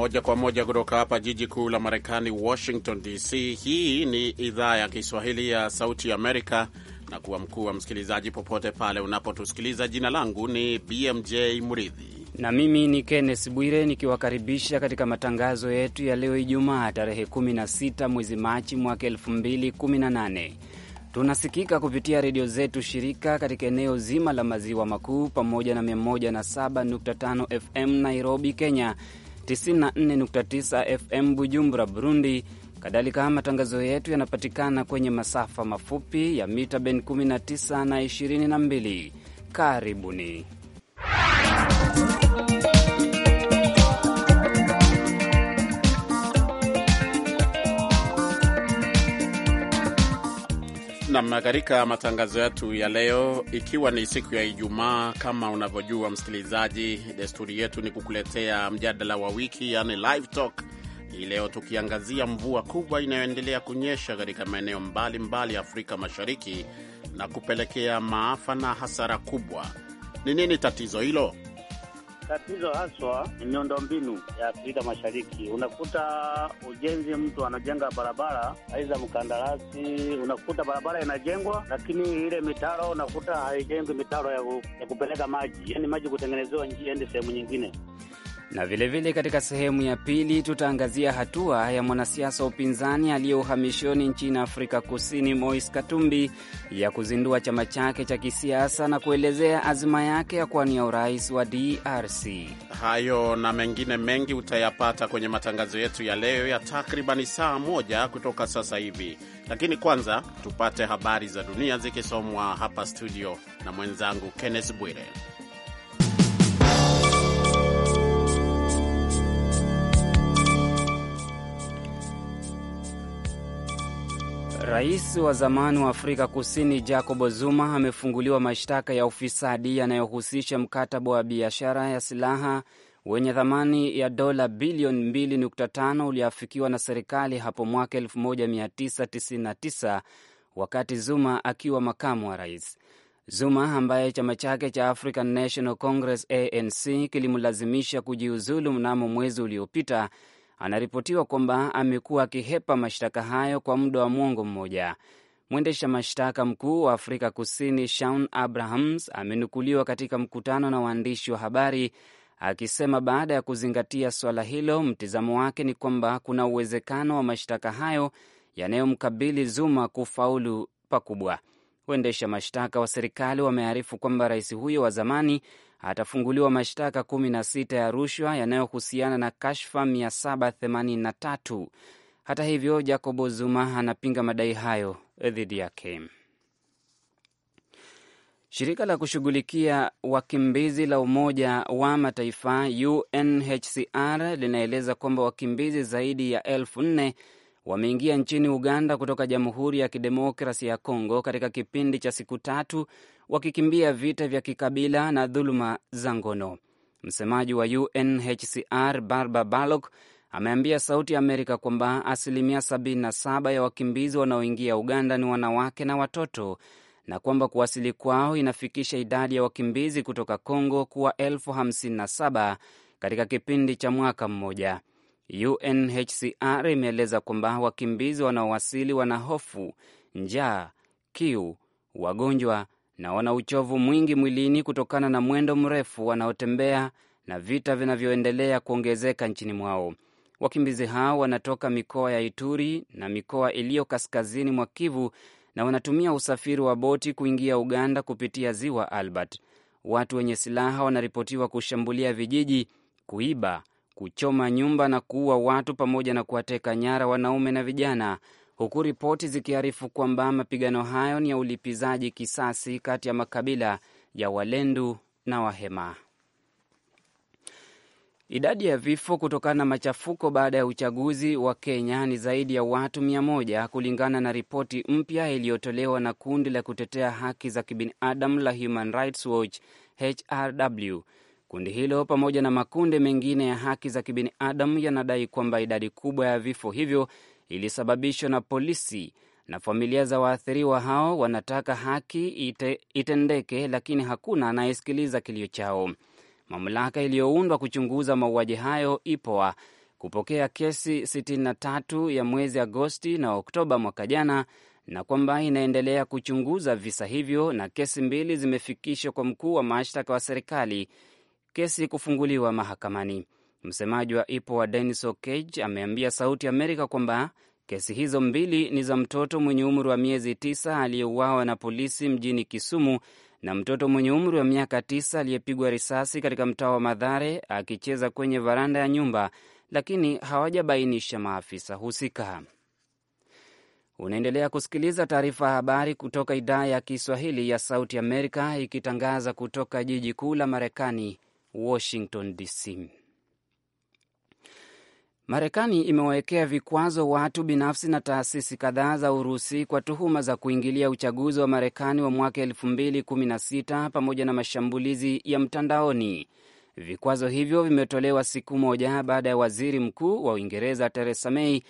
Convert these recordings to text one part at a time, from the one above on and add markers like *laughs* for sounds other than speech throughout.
Moja kwa moja kutoka hapa jiji kuu la Marekani, Washington DC. Hii ni idhaa ya Kiswahili ya Sauti Amerika na kuwa mkuu wa msikilizaji popote pale unapotusikiliza. Jina langu ni BMJ Muridhi na mimi ni Kenneth Bwire nikiwakaribisha katika matangazo yetu ya leo Ijumaa tarehe 16 mwezi Machi mwaka 2018. Tunasikika kupitia redio zetu shirika katika eneo zima la maziwa makuu pamoja na 107.5 FM Nairobi, Kenya 94.9 FM Bujumbura, Burundi. Kadhalika, matangazo yetu yanapatikana kwenye masafa mafupi ya mita ben 19 na 22. Karibuni Nam, katika matangazo yetu ya leo, ikiwa ni siku ya Ijumaa, kama unavyojua msikilizaji, desturi yetu ni kukuletea mjadala wa wiki, yani live talk. Hii leo tukiangazia mvua kubwa inayoendelea kunyesha katika maeneo mbalimbali ya Afrika Mashariki na kupelekea maafa na hasara kubwa. Ni nini tatizo hilo? Tatizo haswa ni miundombinu ya Afrika Mashariki. Unakuta ujenzi, mtu anajenga barabara, aidha mkandarasi, unakuta barabara inajengwa, lakini ile mitaro unakuta haijengwi, mitaro ya, ya kupeleka maji, yani maji kutengenezewa njia ende sehemu nyingine na vilevile vile katika sehemu ya pili tutaangazia hatua ya mwanasiasa wa upinzani aliye uhamishoni nchini Afrika Kusini, Moise Katumbi, ya kuzindua chama chake cha kisiasa na kuelezea azima yake ya kuwania urais wa DRC. Hayo na mengine mengi utayapata kwenye matangazo yetu ya leo ya takribani saa moja kutoka sasa hivi, lakini kwanza tupate habari za dunia zikisomwa hapa studio na mwenzangu Kenneth Bwire. Rais wa zamani wa Afrika Kusini Jacob Zuma amefunguliwa mashtaka ya ufisadi yanayohusisha mkataba wa biashara ya silaha wenye thamani ya dola bilioni 2.5 ulioafikiwa na serikali hapo mwaka 1999 wakati Zuma akiwa makamu wa rais. Zuma ambaye chama chake cha African National Congress ANC kilimlazimisha kujiuzulu mnamo mwezi uliopita anaripotiwa kwamba amekuwa akihepa mashtaka hayo kwa muda wa mwongo mmoja. Mwendesha mashtaka mkuu wa Afrika Kusini Shaun Abrahams amenukuliwa katika mkutano na waandishi wa habari akisema baada ya kuzingatia suala hilo, mtizamo wake ni kwamba kuna uwezekano wa mashtaka hayo yanayomkabili Zuma kufaulu pakubwa. Waendesha mashtaka wa serikali wamearifu kwamba rais huyo wa zamani atafunguliwa mashtaka kumi na sita ya rushwa yanayohusiana na kashfa 783. Hata hivyo, jacobo Zuma anapinga madai hayo dhidi yake. Shirika la kushughulikia wakimbizi la Umoja wa Mataifa UNHCR linaeleza kwamba wakimbizi zaidi ya elfu nne wameingia nchini Uganda kutoka Jamhuri ya Kidemokrasi ya congo katika kipindi cha siku tatu wakikimbia vita vya kikabila na dhuluma za ngono. Msemaji wa UNHCR Barbara balok ameambia Sauti ya Amerika kwamba asilimia 77 ya wakimbizi wanaoingia Uganda ni wanawake na watoto na kwamba kuwasili kwao inafikisha idadi ya wakimbizi kutoka congo kuwa elfu katika kipindi cha mwaka mmoja. UNHCR imeeleza kwamba wakimbizi wanaowasili wana hofu, njaa, kiu, wagonjwa na wana uchovu mwingi mwilini kutokana na mwendo mrefu wanaotembea na vita vinavyoendelea kuongezeka nchini mwao. Wakimbizi hao wanatoka mikoa ya Ituri na mikoa iliyo kaskazini mwa Kivu na wanatumia usafiri wa boti kuingia Uganda kupitia ziwa Albert. Watu wenye silaha wanaripotiwa kushambulia vijiji, kuiba kuchoma nyumba na kuua watu pamoja na kuwateka nyara wanaume na vijana, huku ripoti zikiarifu kwamba mapigano hayo ni ya ulipizaji kisasi kati ya makabila ya Walendu na Wahema. Idadi ya vifo kutokana na machafuko baada ya uchaguzi wa Kenya ni zaidi ya watu mia moja kulingana na ripoti mpya iliyotolewa na kundi la kutetea haki za kibinadamu la Human Rights Watch HRW Kundi hilo pamoja na makundi mengine ya haki za kibinadamu yanadai kwamba idadi kubwa ya vifo hivyo ilisababishwa na polisi, na familia za waathiriwa hao wanataka haki ite, itendeke, lakini hakuna anayesikiliza kilio chao. Mamlaka iliyoundwa kuchunguza mauaji hayo IPOA kupokea kesi 63 ya mwezi Agosti na Oktoba mwaka jana, na kwamba inaendelea kuchunguza visa hivyo, na kesi mbili zimefikishwa kwa mkuu wa mashtaka wa serikali kesi kufunguliwa mahakamani. Msemaji wa IPO wa Denis Oketch ameambia Sauti Amerika kwamba kesi hizo mbili ni za mtoto mwenye umri wa miezi tisa aliyeuawa na polisi mjini Kisumu na mtoto mwenye umri wa miaka tisa aliyepigwa risasi katika mtaa wa Madhare akicheza kwenye varanda ya nyumba, lakini hawajabainisha maafisa husika. Unaendelea kusikiliza taarifa ya habari kutoka idhaa ya Kiswahili ya Sauti Amerika ikitangaza kutoka jiji kuu la Marekani, Washington DC. Marekani imewawekea vikwazo watu binafsi na taasisi kadhaa za Urusi kwa tuhuma za kuingilia uchaguzi wa Marekani wa mwaka 2016 pamoja na mashambulizi ya mtandaoni. Vikwazo hivyo vimetolewa siku moja baada ya waziri mkuu wa Uingereza Theresa May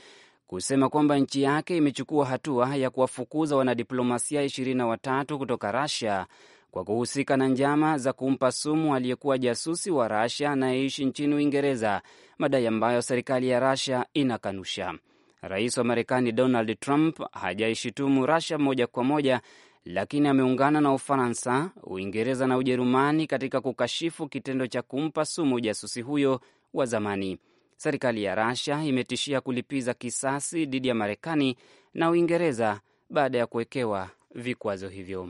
kusema kwamba nchi yake imechukua hatua ya kuwafukuza wanadiplomasia 23 kutoka rusia kwa kuhusika na njama za kumpa sumu aliyekuwa jasusi wa Rasia anayeishi nchini Uingereza, madai ambayo serikali ya Rasia inakanusha. Rais wa Marekani Donald Trump hajaishitumu Rasia moja kwa moja, lakini ameungana na Ufaransa, Uingereza na Ujerumani katika kukashifu kitendo cha kumpa sumu jasusi huyo wa zamani. Serikali ya Rasia imetishia kulipiza kisasi dhidi ya Marekani na Uingereza baada ya kuwekewa vikwazo hivyo.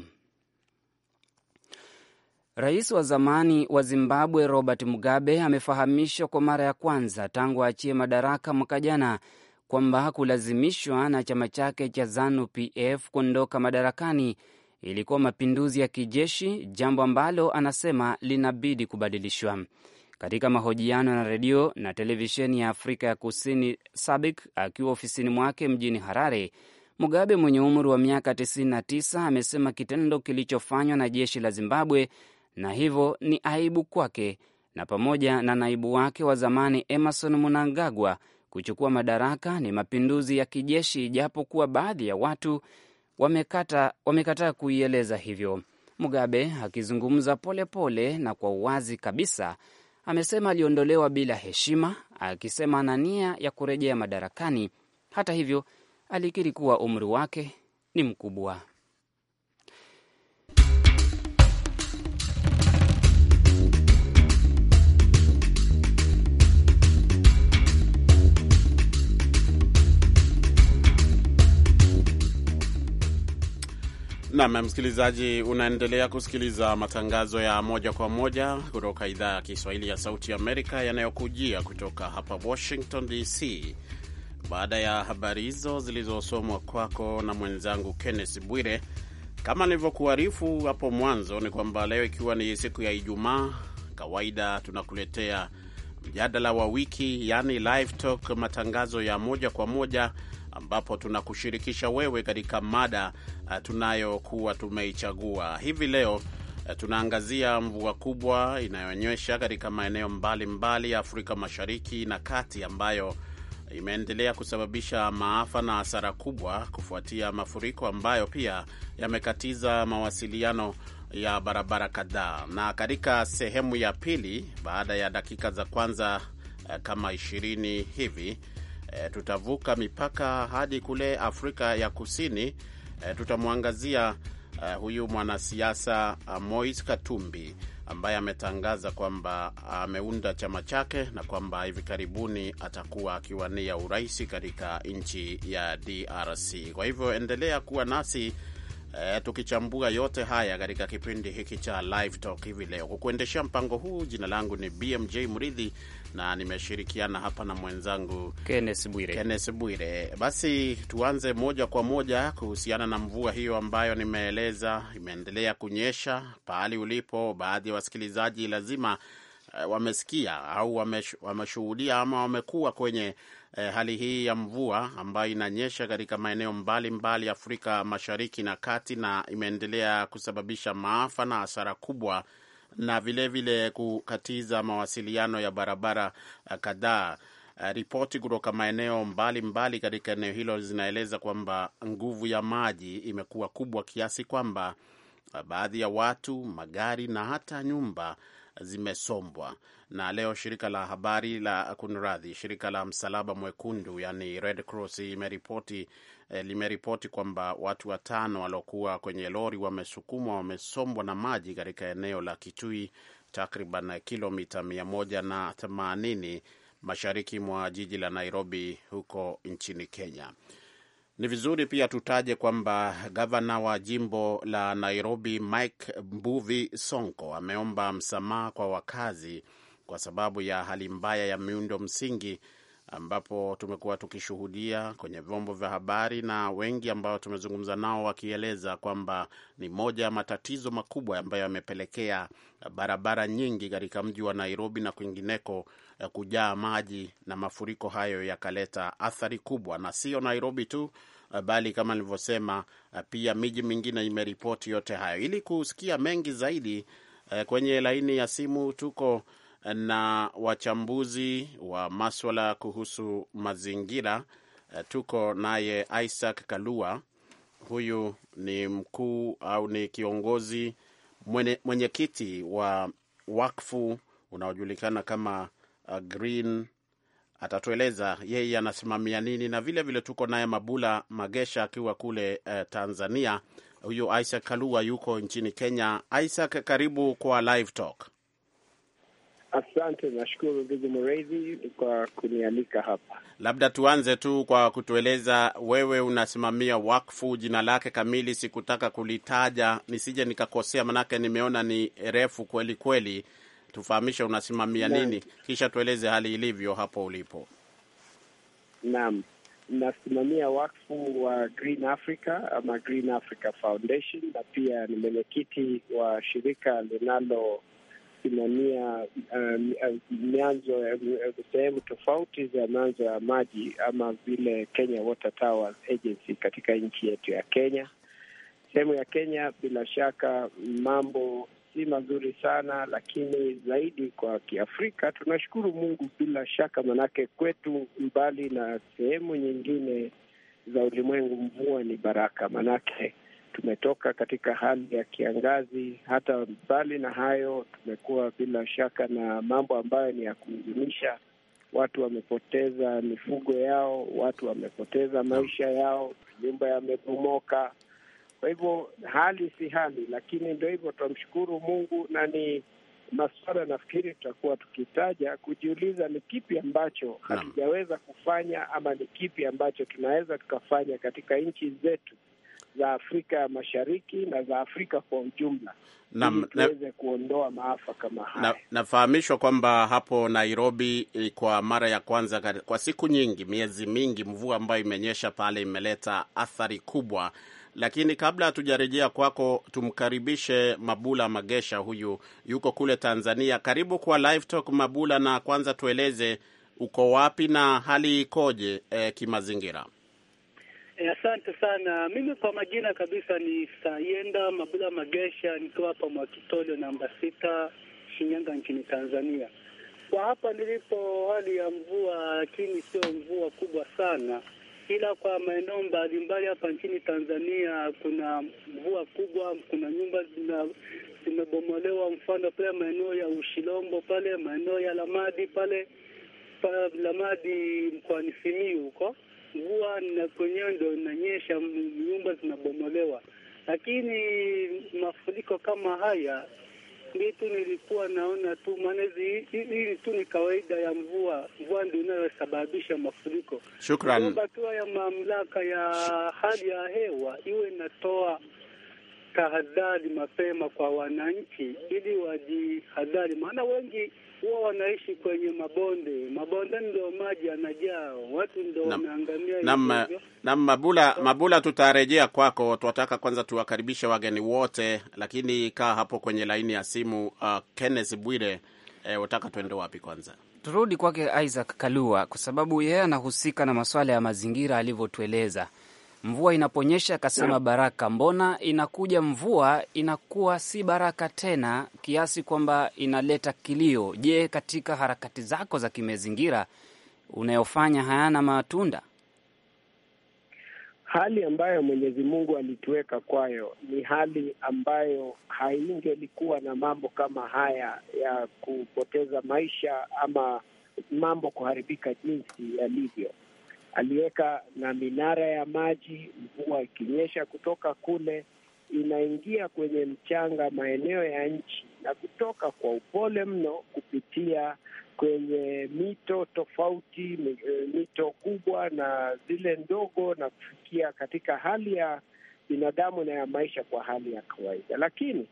Rais wa zamani wa Zimbabwe Robert Mugabe amefahamishwa kwa mara ya kwanza tangu aachie madaraka mwaka jana kwamba kulazimishwa na chama chake cha ZANU PF kuondoka madarakani ilikuwa mapinduzi ya kijeshi, jambo ambalo anasema linabidi kubadilishwa. Katika mahojiano na redio na televisheni ya Afrika ya Kusini SABIC akiwa ofisini mwake mjini Harare, Mugabe mwenye umri wa miaka 99 amesema kitendo kilichofanywa na jeshi la Zimbabwe na hivyo ni aibu kwake na pamoja na naibu wake wa zamani Emerson Mnangagwa kuchukua madaraka ni mapinduzi ya kijeshi, ijapo kuwa baadhi ya watu wamekata, wamekataa kuieleza hivyo. Mugabe akizungumza polepole na kwa uwazi kabisa amesema aliondolewa bila heshima, akisema ana nia ya kurejea madarakani. Hata hivyo, alikiri kuwa umri wake ni mkubwa. Nam msikilizaji, unaendelea kusikiliza matangazo ya moja kwa moja kutoka idhaa ya Kiswahili ya Sauti Amerika yanayokujia kutoka hapa Washington DC. Baada ya habari hizo zilizosomwa kwako na mwenzangu Kenneth Bwire, kama nilivyokuarifu hapo mwanzo, ni kwamba leo ikiwa ni siku ya Ijumaa, kawaida tunakuletea mjadala wa wiki, yani live talk, matangazo ya moja kwa moja ambapo tunakushirikisha wewe katika mada uh, tunayokuwa tumeichagua hivi leo. Uh, tunaangazia mvua kubwa inayonyesha katika maeneo mbalimbali ya Afrika Mashariki na Kati ambayo imeendelea kusababisha maafa na hasara kubwa kufuatia mafuriko ambayo pia yamekatiza mawasiliano ya barabara kadhaa. Na katika sehemu ya pili, baada ya dakika za kwanza uh, kama ishirini hivi e, tutavuka mipaka hadi kule Afrika ya Kusini. E, tutamwangazia e, huyu mwanasiasa Moise Katumbi ambaye ametangaza kwamba ameunda chama chake na kwamba hivi karibuni atakuwa akiwania urais katika nchi ya DRC. Kwa hivyo endelea kuwa nasi eh, tukichambua yote haya katika kipindi hiki cha Live Talk hivi leo. Kukuendeshea mpango huu, jina langu ni BMJ Mridhi na nimeshirikiana hapa na mwenzangu Kenneth Bwire. Kenneth Bwire, basi tuanze moja kwa moja kuhusiana na mvua hiyo ambayo nimeeleza imeendelea kunyesha pahali ulipo. Baadhi ya wasikilizaji lazima eh, wamesikia au wameshuhudia ama wamekuwa kwenye eh, hali hii ya mvua ambayo inanyesha katika maeneo mbalimbali Afrika Mashariki na Kati na imeendelea kusababisha maafa na hasara kubwa na vilevile vile kukatiza mawasiliano ya barabara eh, kadhaa. Eh, ripoti kutoka maeneo mbalimbali katika eneo hilo zinaeleza kwamba nguvu ya maji imekuwa kubwa kiasi kwamba eh, baadhi ya watu, magari na hata nyumba zimesombwa. Na leo shirika la habari la kunradhi, shirika la Msalaba Mwekundu yani Red Cross imeripoti eh, limeripoti kwamba watu watano waliokuwa kwenye lori wamesukumwa, wamesombwa na maji katika eneo la Kitui, takriban kilomita 180 mashariki mwa jiji la Nairobi huko nchini Kenya. Ni vizuri pia tutaje kwamba gavana wa jimbo la Nairobi Mike Mbuvi Sonko ameomba msamaha kwa wakazi kwa sababu ya hali mbaya ya miundo msingi ambapo tumekuwa tukishuhudia kwenye vyombo vya habari na wengi ambao tumezungumza nao wakieleza kwamba ni moja ya matatizo makubwa ambayo yamepelekea barabara nyingi katika mji wa Nairobi na kwingineko eh, kujaa maji na mafuriko hayo yakaleta athari kubwa, na sio Nairobi tu, Eh, bali kama nilivyosema, eh, pia miji mingine imeripoti yote hayo. Ili kusikia mengi zaidi, eh, kwenye laini ya simu tuko na wachambuzi wa maswala kuhusu mazingira. Tuko naye Isaac Kalua, huyu ni mkuu au ni kiongozi mwenyekiti mwenye wa wakfu unaojulikana kama Green atatueleza yeye anasimamia nini, na vile vile tuko naye Mabula Magesha akiwa kule eh, Tanzania. Huyu Isaac Kalua yuko nchini Kenya. Isaac, karibu kwa Live Talk. Asante, nashukuru ndugu Mrehi kwa kunialika hapa. Labda tuanze tu kwa kutueleza wewe unasimamia wakfu, jina lake kamili sikutaka kulitaja nisije nikakosea, manake nimeona ni refu kweli kweli tufahamishe unasimamia nini, kisha tueleze hali ilivyo hapo ulipo. Naam, nasimamia wakfu wa Green Africa ama Green Africa Foundation, na pia ni mwenyekiti wa shirika linalo simamia uh, mianzo sehemu tofauti za mianzo ya maji ama vile Kenya Water Towers Agency katika nchi yetu ya Kenya. Sehemu ya Kenya bila shaka mambo si mazuri sana, lakini zaidi kwa Kiafrika tunashukuru Mungu bila shaka, manake kwetu, mbali na sehemu nyingine za ulimwengu, mvua ni baraka, manake tumetoka katika hali ya kiangazi. Hata mbali na hayo, tumekuwa bila shaka na mambo ambayo ni ya kuhuzunisha. Watu wamepoteza mifugo yao, watu wamepoteza maisha yao, nyumba yamebomoka kwa hivyo hali si hali, lakini ndo hivyo, tunamshukuru Mungu na ni maswala nafikiri tutakuwa tukitaja kujiuliza ni kipi ambacho hatujaweza kufanya ama ni kipi ambacho tunaweza tukafanya katika nchi zetu za Afrika Mashariki na za Afrika kwa ujumla ili tuweze kuondoa maafa kama haya. Nafahamishwa na kwamba hapo Nairobi eh, kwa mara ya kwanza kwa siku nyingi, miezi mingi, mvua ambayo imenyesha pale imeleta athari kubwa lakini kabla hatujarejea kwako, tumkaribishe Mabula Magesha, huyu yuko kule Tanzania. Karibu kwa Live Talk Mabula, na kwanza tueleze uko wapi na hali ikoje eh, kimazingira? Eh, asante sana. Mimi kwa majina kabisa ni Sayenda Mabula Magesha, nikiwa hapa Mwakitolio namba sita, Shinyanga nchini Tanzania. Kwa hapa nilipo hali ya mvua, lakini sio mvua kubwa sana ila kwa maeneo mbalimbali hapa nchini Tanzania kuna mvua kubwa, kuna nyumba zimebomolewa, mfano pale maeneo ya Ushilombo pale maeneo ya Lamadi pale pa Lamadi mkoani Simiyu huko mvua na kwenyewe ndo inanyesha, nyumba zinabomolewa. Lakini mafuriko kama haya mimi tu nilikuwa naona tu, maana hili tu ni kawaida ya mvua. Mvua ndio inayosababisha mafuriko. Shukrani. Bakiwa ya mamlaka ya hali ya hewa iwe inatoa tahadhari mapema kwa wananchi, ili wajihadhari, maana wengi huwa wanaishi kwenye mabonde. Mabonde ndio maji yanajaa, watu ndio wameangamia. Naam, Mabula, Mabula, tutarejea kwako. Tunataka kwanza tuwakaribishe wageni wote, lakini kaa hapo kwenye laini ya simu. Uh, Kenneth Bwire, eh, wataka tuende wapi kwanza? Turudi kwake Isaac Kalua kwa sababu yeye anahusika na masuala ya mazingira alivyotueleza mvua inaponyesha, akasema baraka, mbona inakuja mvua inakuwa si baraka tena, kiasi kwamba inaleta kilio? Je, katika harakati zako za kimazingira unayofanya hayana matunda? Hali ambayo Mwenyezi Mungu alituweka kwayo ni hali ambayo haingelikuwa na mambo kama haya ya kupoteza maisha ama mambo kuharibika jinsi yalivyo aliweka na minara ya maji, mvua ikinyesha kutoka kule inaingia kwenye mchanga maeneo ya nchi na kutoka kwa upole mno kupitia kwenye mito tofauti, mito kubwa na zile ndogo, na kufikia katika hali ya binadamu na ya maisha kwa hali ya kawaida. Lakini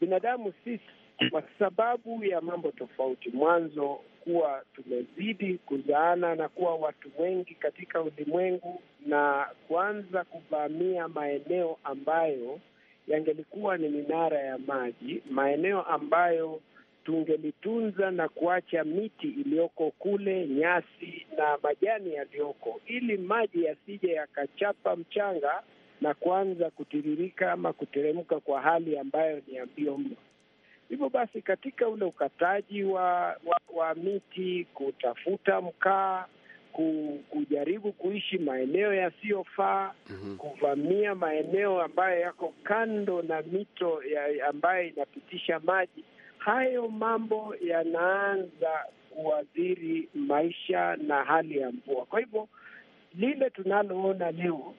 binadamu sisi, kwa sababu ya mambo tofauti, mwanzo kuwa tumezidi kuzaana na kuwa watu wengi katika ulimwengu na kuanza kuvamia maeneo ambayo yangelikuwa ni minara ya maji, maeneo ambayo tungelitunza na kuacha miti iliyoko kule, nyasi na majani yaliyoko, ili maji yasije yakachapa mchanga na kuanza kutiririka ama kuteremka kwa hali ambayo ni ya mbio mno. Hivyo basi katika ule ukataji wa, wa, wa miti, kutafuta mkaa, kujaribu kuishi maeneo yasiyofaa mm -hmm. kuvamia maeneo ambayo yako kando na mito ya ambayo inapitisha maji, hayo mambo yanaanza kuadhiri maisha na hali ya mvua. Kwa hivyo lile tunaloona leo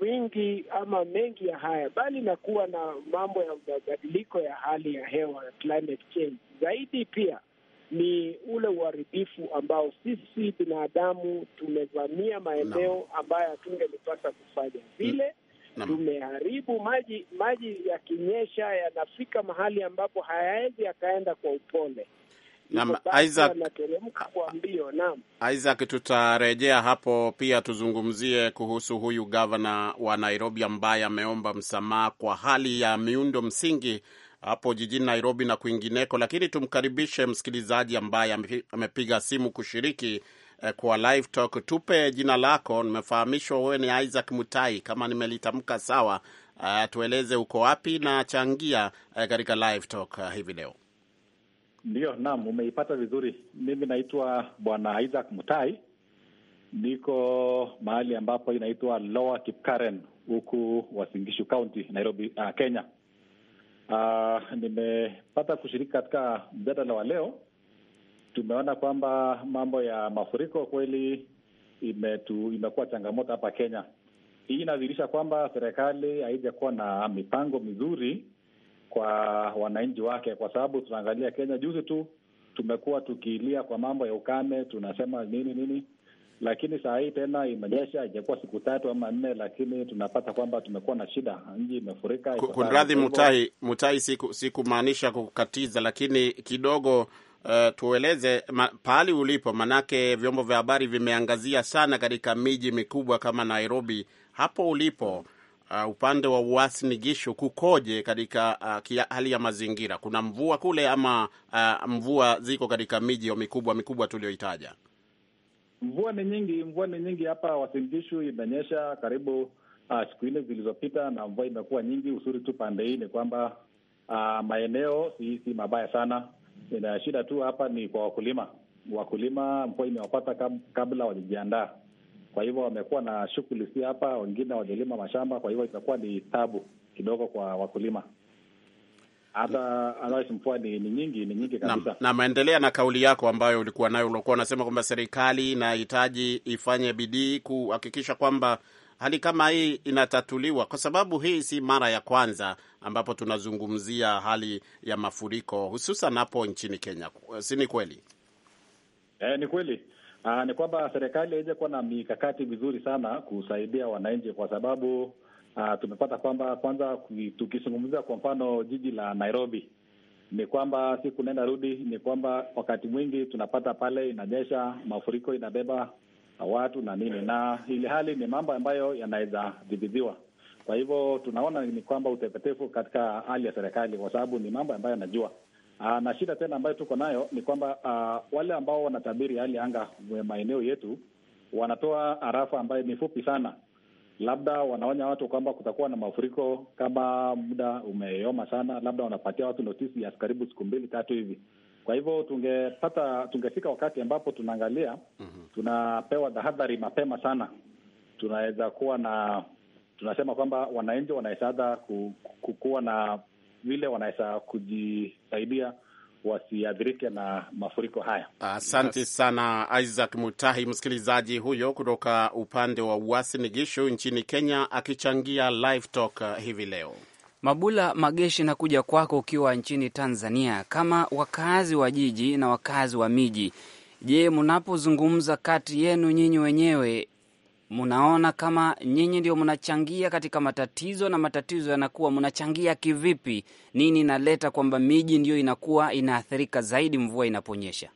wingi ama mengi ya haya, bali na kuwa na mambo ya mabadiliko ya hali ya hewa climate change, zaidi pia ni ule uharibifu ambao sisi binadamu tumevamia maeneo ambayo hatungelipasa kufanya mm. vile. Tumeharibu maji, maji yakinyesha yanafika mahali ambapo hayawezi yakaenda kwa upole. Isaac, Isaac, tutarejea hapo pia tuzungumzie kuhusu huyu gavana wa Nairobi ambaye ameomba msamaha kwa hali ya miundo msingi hapo jijini Nairobi na kwingineko, lakini tumkaribishe msikilizaji ambaye amepiga simu kushiriki eh, kwa live talk. Tupe jina lako, nimefahamishwa wewe ni Isaac Mutai kama nimelitamka sawa. Uh, tueleze uko wapi na changia eh, katika live talk uh, hivi leo. Ndiyo, naam, umeipata vizuri. Mimi naitwa Bwana Isaac Mutai, niko mahali ambapo inaitwa Lower Kipkaren huku Wasingishu County, Nairobi, uh, Kenya. Uh, nimepata kushiriki katika mjadala wa leo. Tumeona kwamba mambo ya mafuriko kweli imetu, imekuwa changamoto hapa Kenya. Hii inadhihirisha kwamba serikali haijakuwa na mipango mizuri kwa wananchi wake, kwa sababu tunaangalia Kenya juzi tu tumekuwa tukiilia kwa mambo ya ukame, tunasema nini nini, lakini saa hii tena imenyesha, ijakuwa siku tatu ama nne, lakini tunapata kwamba tumekuwa na shida, nchi imefurika. Kunradhi Mutai, Mutai, sikumaanisha siku kukatiza, lakini kidogo Uh, tueleze pahali ulipo, manake vyombo vya habari vimeangazia sana katika miji mikubwa kama Nairobi. Hapo ulipo uh, upande wa Uasin Gishu kukoje katika uh, hali ya mazingira? Kuna mvua kule ama uh, mvua ziko katika miji mikubwa mikubwa tuliyoitaja? Mvua ni nyingi, mvua ni nyingi hapa Uasin Gishu, imenyesha karibu uh, siku nne zilizopita, na mvua imekuwa nyingi. Uzuri tu pande hii ni kwamba uh, maeneo si, si mabaya sana, ina shida tu hapa ni kwa wakulima. Wakulima mvua imewapata kabla wajijiandaa kwa hivyo wamekuwa na shughuli si hapa, wengine wajalima mashamba, kwa hivyo itakuwa ni tabu kidogo kwa wakulima. Hata mvua ni, ni nyingi ni nyingi kabisa. Na maendelea na kauli yako ambayo ulikuwa nayo, ulikuwa unasema kwamba serikali inahitaji ifanye bidii kuhakikisha kwamba hali kama hii inatatuliwa, kwa sababu hii si mara ya kwanza ambapo tunazungumzia hali ya mafuriko hususan hapo nchini Kenya, si ni kweli? Eh, ni kweli Aa, ah, ni kwamba serikali haija kuwa na mikakati vizuri sana kusaidia wananchi, kwa sababu aa, ah, tumepata kwamba kwanza, tukizungumzia kwa mfano jiji la Nairobi, ni kwamba siku nenda rudi, ni kwamba wakati mwingi tunapata pale inanyesha, mafuriko inabeba ah, watu na nini, na ili hali ni mambo ambayo yanaweza dhibidhiwa. Kwa hivyo tunaona ni kwamba utepetevu katika hali ya serikali, kwa sababu ni mambo ambayo yanajua Aa, ah, na shida tena ambayo tuko nayo ni kwamba ah, wale ambao wanatabiri hali anga maeneo yetu wanatoa arafa ambayo ni fupi sana, labda wanaonya watu kwamba kutakuwa na mafuriko kama muda umeyoma sana, labda wanapatia watu notisi ya karibu siku mbili tatu hivi. Kwa hivyo tungepata tungefika wakati ambapo tunaangalia, mm -hmm. tunapewa tahadhari mapema sana, tunaweza kuwa na tunasema kwamba wananchi wanaweza kuwa na vile wanaweza kujisaidia wasiadhirike na mafuriko haya. Asante sana Isaac Mutahi, msikilizaji huyo kutoka upande wa Uasin Gishu nchini Kenya, akichangia Live Talk uh, hivi leo. Mabula Mageshi, nakuja kwako ukiwa nchini Tanzania. Kama wakazi wa jiji na wakazi wa miji, je, mnapozungumza kati yenu nyinyi wenyewe mnaona kama nyinyi ndio mnachangia katika matatizo, na matatizo yanakuwa mnachangia kivipi? Nini inaleta kwamba miji ndio inakuwa inaathirika zaidi mvua inaponyesha?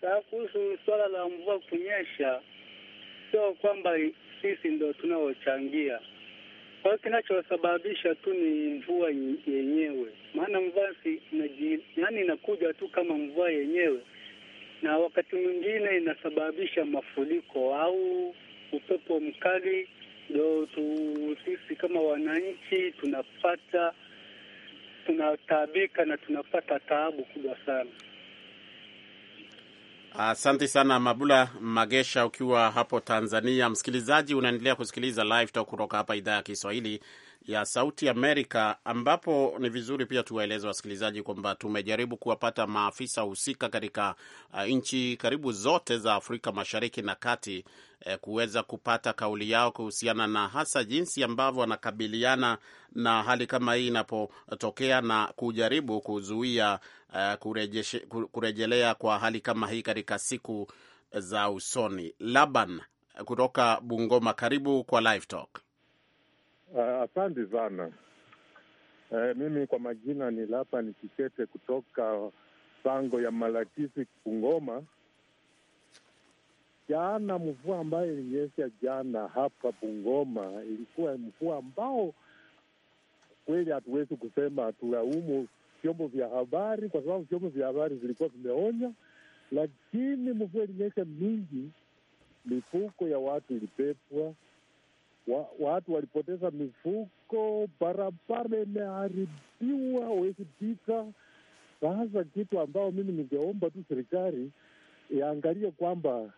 Sasa kuhusu swala la mvua kunyesha, sio kwamba sisi ndo tunaochangia. Kwa hiyo kinachosababisha tu ni mvua yenyewe, maana mvua si, yani inakuja tu kama mvua yenyewe na wakati mwingine inasababisha mafuriko au upepo mkali, ndo sisi kama wananchi tunapata tunataabika na tunapata taabu kubwa sana. Asante sana Mabula Magesha, ukiwa hapo Tanzania. Msikilizaji, unaendelea kusikiliza Live Talk kutoka hapa idhaa ya Kiswahili ya Sauti Amerika, ambapo ni vizuri pia tuwaeleze wasikilizaji kwamba tumejaribu kuwapata maafisa husika katika uh, nchi karibu zote za Afrika Mashariki na Kati eh, kuweza kupata kauli yao kuhusiana na hasa jinsi ambavyo wanakabiliana na hali kama hii inapotokea na kujaribu kuzuia uh, kurejeshe, kurejelea kwa hali kama hii katika siku za usoni. Laban kutoka Bungoma, karibu kwa Live Talk. Uh, asante sana. Uh, mimi kwa majina ni Lapa ni Kikete kutoka pango ya Malakisi Bungoma. Jana mvua ambayo ilinyesha jana hapa Bungoma ilikuwa mvua ambao kweli hatuwezi kusema tulaumu vyombo vya habari, kwa sababu vyombo vya habari vilikuwa vimeonya, lakini mvua ilinyesha mingi, mifuko ya watu ilipepwa watu walipoteza mifuko barabara imeharibiwa, huwezi Sasa kitu ambao mimi ningeomba tu serikali iangalie kwamba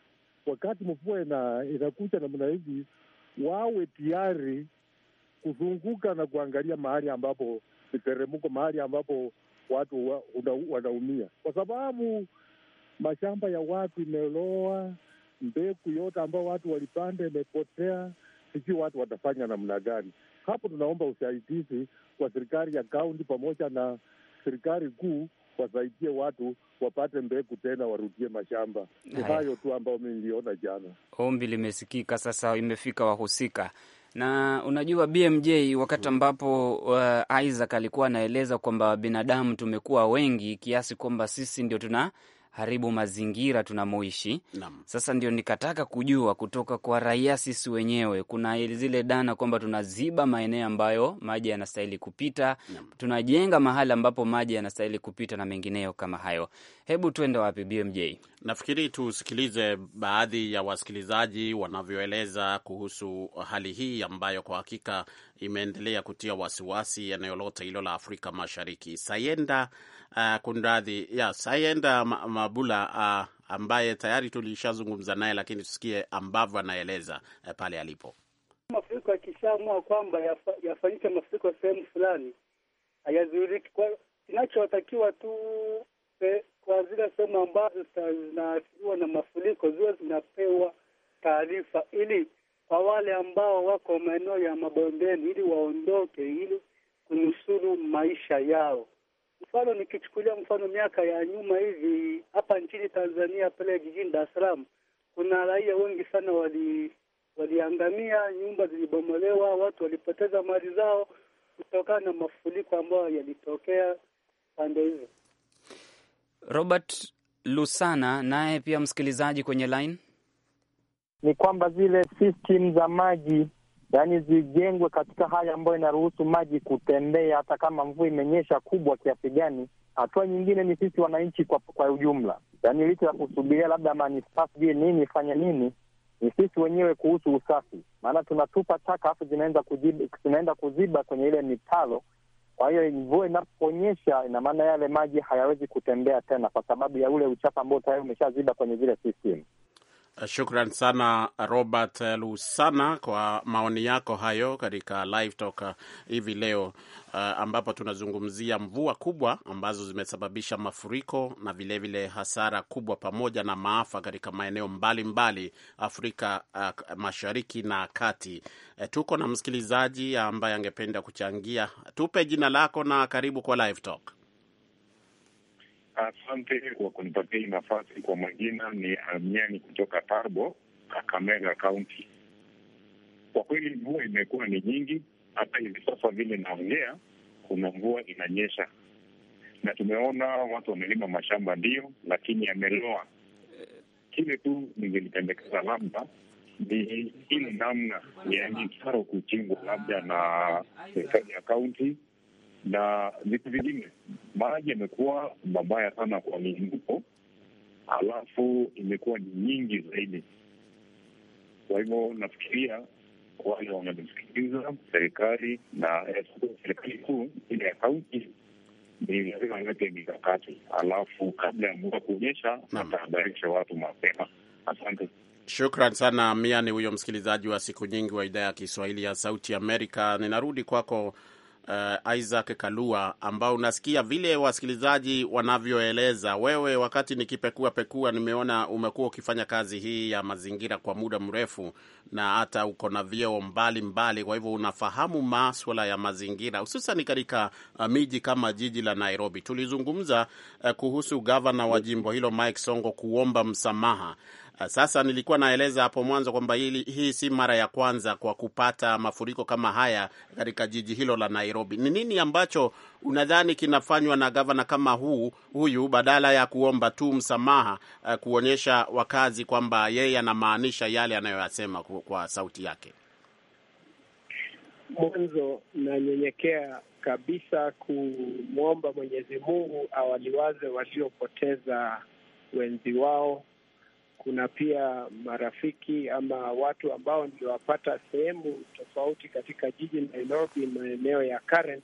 wakati mvua ina, na namna hivi, wawe tayari kuzunguka na kuangalia mahali ambapo miteremko, mahali ambapo watu wa, wanaumia, kwa sababu mashamba ya watu imeloa, mbegu yote ambao watu walipanda imepotea sijui watu watafanya namna gani. Hapo tunaomba usaidizi kwa serikali ya kaunti pamoja na serikali kuu wasaidie watu wapate mbegu tena warudie mashamba. Ni hayo tu ambayo mi niliona jana. Ombi limesikika, sasa imefika wahusika. Na unajua BMJ, wakati ambapo uh, Isaac alikuwa anaeleza kwamba binadamu tumekuwa wengi kiasi kwamba sisi ndio tuna haribu mazingira tunamoishi. Sasa ndio nikataka kujua kutoka kwa raia sisi wenyewe, kuna zile dana kwamba tunaziba maeneo ambayo maji yanastahili kupita Nam. tunajenga mahali ambapo maji yanastahili kupita na mengineyo kama hayo. Hebu tuende wapi BMJ? Nafikiri tusikilize baadhi ya wasikilizaji wanavyoeleza kuhusu hali hii ambayo kwa hakika imeendelea kutia wasiwasi eneo lote hilo la Afrika Mashariki. Sayenda uh, kunradhi ya Sayenda Mabula uh, ambaye tayari tulishazungumza naye, lakini tusikie ambavyo anaeleza uh, pale alipo. Mafuriko yakishaamua kwamba yafanyike mafuriko sehemu fulani, hayazuiriki. Kinachotakiwa tu eh, kwa zile sehemu ambazo zinaathiriwa na mafuriko ziwe zinapewa taarifa, ili kwa wale ambao wako maeneo ya mabondeni, ili waondoke, ili kunusuru maisha yao. Mfano nikichukulia mfano miaka ya nyuma hivi hapa nchini Tanzania pale jijini Dar es Salaam, kuna raia wengi sana wali waliangamia, nyumba zilibomolewa, watu walipoteza mali zao kutokana na mafuriko ambayo yalitokea pande hizo. Robert Lusana naye pia msikilizaji kwenye line, ni kwamba zile system za maji yaani zijengwe katika hali ambayo inaruhusu maji kutembea, hata kama mvua imenyesha kubwa kiasi gani. Hatua nyingine ni sisi wananchi kwa, kwa ujumla, yaani licha ya kusubiria labda manispaa sijui nini ifanye nini, ni sisi wenyewe kuhusu usafi, maana tunatupa taka afu zinaenda kuziba kwenye ile mitalo. Kwa hiyo mvua inaponyesha, ina maana yale maji hayawezi kutembea tena, kwa sababu ya ule uchafu ambao tayari umeshaziba kwenye zile sistimu. Eh, shukran sana Robert Lusana kwa maoni yako hayo katika live talk eh, hivi leo, uh, ambapo tunazungumzia mvua kubwa ambazo zimesababisha mafuriko na vilevile vile hasara kubwa pamoja na maafa katika maeneo mbalimbali mbali Afrika uh, Mashariki na Kati. Uh, tuko na msikilizaji ambaye angependa kuchangia. Tupe jina lako na karibu kwa live talk. Asante kwa kunipatia hii nafasi. Kwa majina ni Amiani kutoka Tarbo, Kakamega Kaunti. Kwa kweli mvua imekuwa ni nyingi, hata hivi sasa vile naongea kuna mvua inanyesha, na tumeona watu wamelima mashamba, ndio, lakini yameloa. Kile tu ningelipendekeza labda ni ile namna ya mitaro kuchimbwa, labda na serikali ya kaunti na vitu vingine. Maji yamekuwa mabaya sana kwa miinuko, alafu imekuwa ni nyingi zaidi. Kwa hivyo nafikiria wale wanatusikiliza, serikali na serikali kuu ile ya kaunti ni lazima iweke mikakati, alafu kabla ya mvua kuonyesha atahabarisha watu mapema. Asante. Shukran sana miani huyo msikilizaji wa siku nyingi wa idhaa ya Kiswahili ya Sauti Amerika. Ninarudi kwako uh, Isaac Kalua, ambao unasikia vile wasikilizaji wanavyoeleza. Wewe wakati nikipekua pekua, nimeona umekuwa ukifanya kazi hii ya mazingira kwa muda mrefu na hata uko na vyeo mbalimbali, kwa hivyo unafahamu maswala ya mazingira, hususan katika uh, miji kama jiji la Nairobi. Tulizungumza uh, kuhusu gavana wa jimbo hilo Mike Songo kuomba msamaha sasa nilikuwa naeleza hapo mwanzo kwamba hii si mara ya kwanza kwa kupata mafuriko kama haya katika jiji hilo la Nairobi. Ni nini ambacho unadhani kinafanywa na gavana kama huu huyu, badala ya kuomba tu msamaha, uh, kuonyesha wakazi kwamba yeye anamaanisha yale anayoyasema kwa sauti yake? Mwanzo nanyenyekea kabisa kumwomba Mwenyezi Mungu awaliwaze waliopoteza wenzi wao kuna pia marafiki ama watu ambao niliwapata sehemu tofauti katika jiji Nairobi, maeneo ya Karen,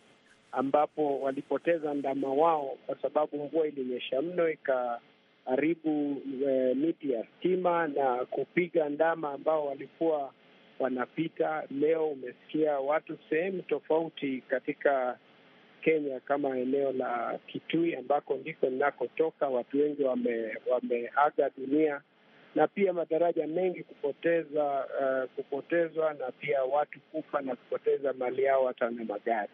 ambapo walipoteza ndama wao kwa sababu mvua ilinyesha mno ikaharibu e, miti ya stima na kupiga ndama ambao walikuwa wanapita. Leo umesikia watu sehemu tofauti katika Kenya kama eneo la Kitui ambako ndiko ninakotoka, watu wengi wameaga wame dunia na pia madaraja mengi kupoteza uh, kupotezwa na pia watu kufa na kupoteza mali yao hata na magari.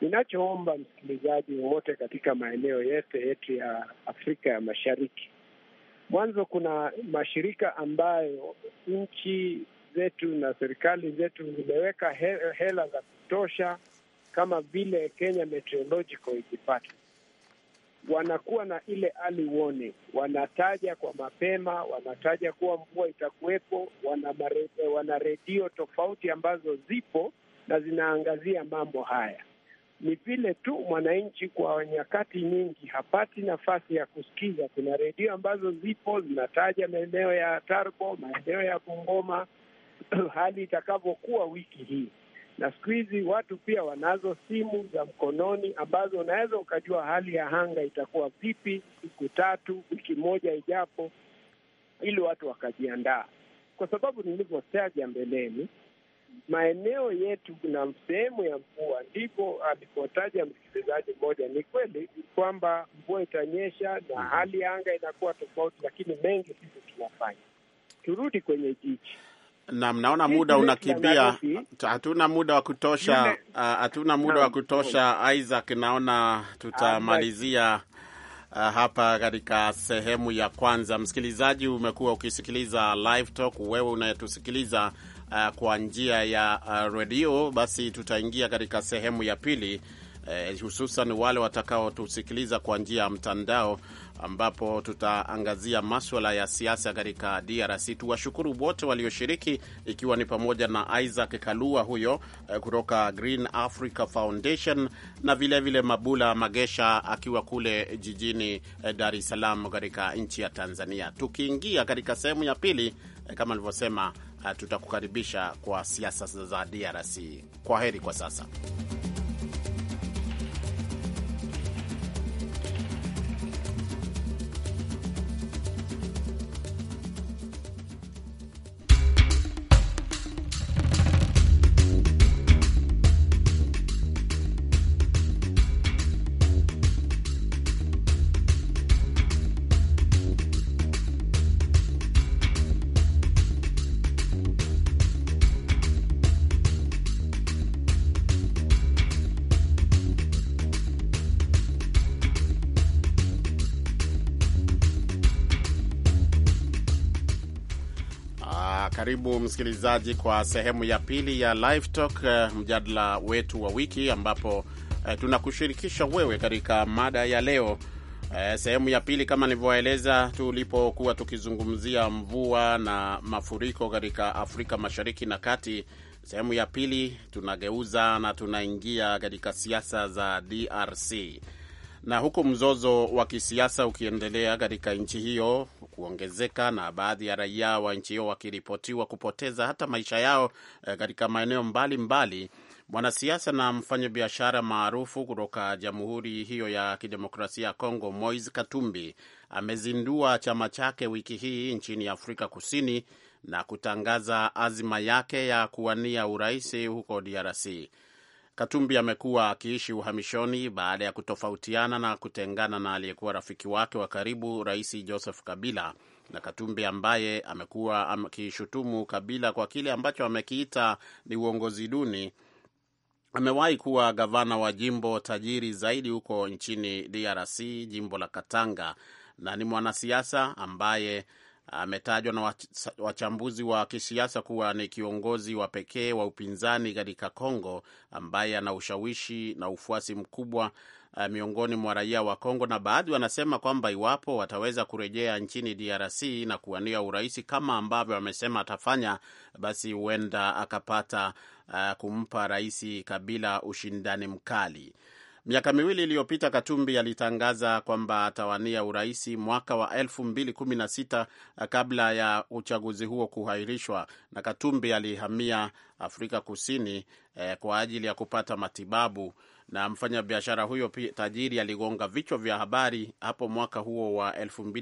Ninachoomba msikilizaji wowote katika maeneo yote yetu ya Afrika ya Mashariki, mwanzo kuna mashirika ambayo nchi zetu na serikali zetu zimeweka hela za kutosha, kama vile Kenya Meteorological ikipata wanakuwa na ile early warning, wanataja kwa mapema, wanataja kuwa mvua itakuwepo, wana, wana redio tofauti ambazo zipo na zinaangazia mambo haya. Ni vile tu mwananchi kwa nyakati nyingi hapati nafasi ya kusikiza. Kuna redio ambazo zipo zinataja maeneo ya Tarbo, maeneo ya Bungoma *clears throat* hali itakavyokuwa wiki hii na siku hizi watu pia wanazo simu za mkononi ambazo unaweza ukajua hali ya anga itakuwa vipi siku tatu, wiki moja ijapo, ili watu wakajiandaa, kwa sababu nilivyotaja mbeleni, maeneo yetu na sehemu ya mvua, ndipo alipotaja msikilizaji mmoja, ni kweli kwamba mvua itanyesha na mhm. hali ya anga inakuwa tofauti, lakini mengi sisi tunafanya. Turudi kwenye jiji na mnaona muda unakimbia, hatuna muda wa kutosha, uh, hatuna muda wa kutosha. Isaac, naona tutamalizia uh, hapa katika sehemu ya kwanza. Msikilizaji, umekuwa ukisikiliza Live Talk, wewe unayetusikiliza uh, kwa njia ya uh, redio, basi tutaingia katika sehemu ya pili, uh, hususan wale watakaotusikiliza kwa njia ya mtandao ambapo tutaangazia maswala ya siasa katika DRC. Tuwashukuru wote walioshiriki, ikiwa ni pamoja na Isaac Kalua huyo eh, kutoka Green Africa Foundation na vilevile vile Mabula Magesha akiwa kule jijini eh, Dar es Salaam katika nchi ya Tanzania. Tukiingia katika sehemu ya pili, eh, kama alivyosema tutakukaribisha kwa siasa za DRC. Kwa heri kwa sasa. Karibu msikilizaji kwa sehemu ya pili ya Live Talk, eh, mjadala wetu wa wiki ambapo eh, tunakushirikisha wewe katika mada ya leo. Eh, sehemu ya pili, kama nilivyoeleza tulipokuwa tukizungumzia mvua na mafuriko katika Afrika Mashariki na Kati, sehemu ya pili tunageuza na tunaingia katika siasa za DRC. Na huku mzozo wa kisiasa ukiendelea katika nchi hiyo kuongezeka na baadhi ya raia wa nchi hiyo wakiripotiwa kupoteza hata maisha yao eh, katika maeneo mbalimbali, mwanasiasa na mfanyabiashara maarufu kutoka jamhuri hiyo ya kidemokrasia ya Kongo, Moise Katumbi amezindua chama chake wiki hii nchini Afrika Kusini na kutangaza azima yake ya kuwania urahisi huko DRC. Katumbi amekuwa akiishi uhamishoni baada ya kutofautiana na kutengana na aliyekuwa rafiki wake wa karibu Rais Joseph Kabila. Na Katumbi ambaye amekuwa akishutumu Kabila kwa kile ambacho amekiita ni uongozi duni, amewahi kuwa gavana wa jimbo tajiri zaidi huko nchini DRC, jimbo la Katanga, na ni mwanasiasa ambaye ametajwa na wachambuzi wa kisiasa kuwa ni kiongozi wa pekee wa upinzani katika Kongo ambaye ana ushawishi na ufuasi mkubwa eh, miongoni mwa raia wa Kongo, na baadhi wanasema kwamba iwapo wataweza kurejea nchini DRC na kuwania urais kama ambavyo amesema atafanya, basi huenda akapata uh, kumpa Rais Kabila ushindani mkali. Miaka miwili iliyopita Katumbi alitangaza kwamba atawania uraisi mwaka wa elfu eh, kabla ya uchaguzi huo kuhairishwa, na Katumbi alihamia Afrika Kusini eh, kwa ajili ya kupata matibabu. Na mfanyabiashara huyo tajiri aligonga vichwa vya habari hapo mwaka huo wa elfu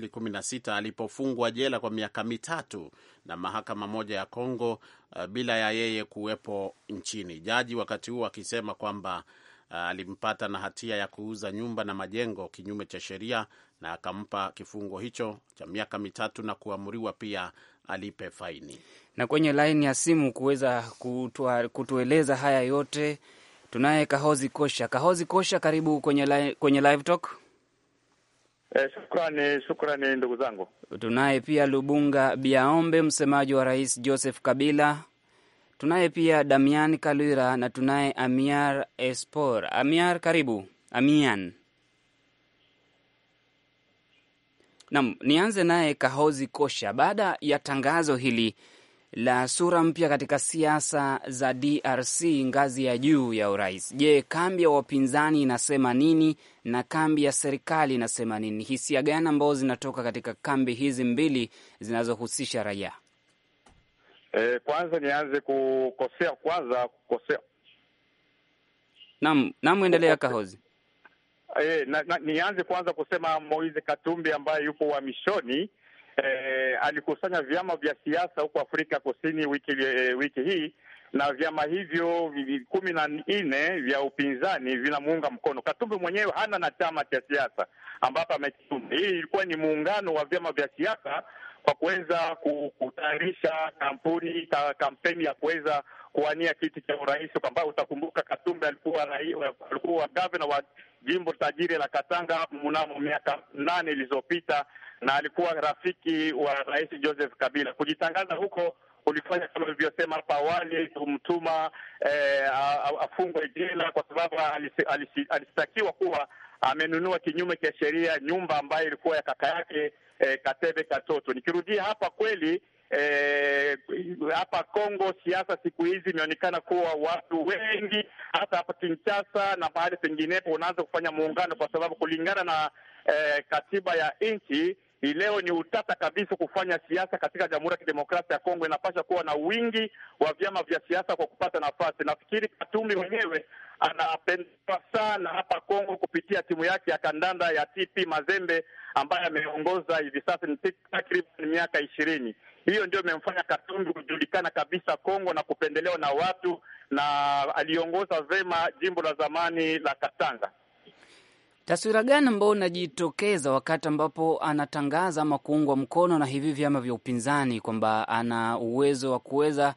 alipofungwa jela kwa miaka mitatu na mahakama moja ya Kongo uh, bila ya yeye kuwepo nchini, jaji wakati huo akisema kwamba Ah, alimpata na hatia ya kuuza nyumba na majengo kinyume cha sheria na akampa kifungo hicho cha miaka mitatu na kuamuriwa pia alipe faini. Na kwenye laini ya simu kuweza kutueleza haya yote tunaye Kahozi Kosha. Kahozi Kosha, karibu kwenye live, kwenye live talk. Eh, shukrani, shukrani ndugu zangu. Tunaye pia Lubunga Biaombe, msemaji wa Rais Joseph Kabila. Tunaye pia Damian Kalwira na tunaye Amiar Espor. Amiar, karibu. Amian, nam, nianze naye Kahozi Kosha. Baada ya tangazo hili la sura mpya katika siasa za DRC ngazi ya juu ya urais, je, kambi ya wapinzani inasema nini na kambi ya serikali inasema nini? Hisia gani ambazo zinatoka katika kambi hizi mbili zinazohusisha raia? E, kwanza nianze kukosea kwanza kukosea. Naam, naam, endelea Kahozi. E, na, na, nianze kwanza kusema Moise Katumbi ambaye yupo uhamishoni e, alikusanya vyama vya siasa huko Afrika Kusini wiki, e, wiki hii na vyama hivyo kumi na nne vya upinzani vinamuunga mkono Katumbi. Mwenyewe hana na chama cha siasa ambapo amekiunda. Hii ilikuwa ni muungano wa vyama vya siasa kwa kuweza kutayarisha kampuni ka, kampeni ya kuweza kuwania kiti cha urais, ambayo utakumbuka Katumbi alikuwa alikuwa gavana wa jimbo tajiri la Katanga mnamo miaka nane ilizopita, na alikuwa rafiki wa rais Joseph Kabila. Kujitangaza huko ulifanya kama ilivyosema hapa awali kumtuma eh, afungwe jela kwa sababu alishtakiwa kuwa amenunua kinyume cha sheria nyumba ambayo ilikuwa ya kaka yake eh, Katebe Katoto. Nikirudia hapa kweli eh, hapa Kongo siasa siku hizi imeonekana kuwa watu wengi hata hapa Kinshasa na mahali penginepo unaanza kufanya muungano, kwa sababu kulingana na eh, katiba ya nchi hii leo ni utata kabisa kufanya siasa katika Jamhuri ya Kidemokrasia ya Kongo. Inapasha kuwa na wingi wa vyama vya siasa kwa kupata nafasi. Nafikiri Katumbi mwenyewe anapendwa sana hapa Kongo kupitia timu yake ya kandanda ya TP Mazembe ambaye ameongoza hivi sasa ni takriban miaka ishirini. Hiyo ndio imemfanya Katumbi kujulikana kabisa Kongo na kupendelewa na watu, na aliongoza vema jimbo la zamani la Katanga. Taswira gani ambayo unajitokeza wakati ambapo anatangaza ama kuungwa mkono na hivi vyama vya upinzani kwamba ana uwezo wa kuweza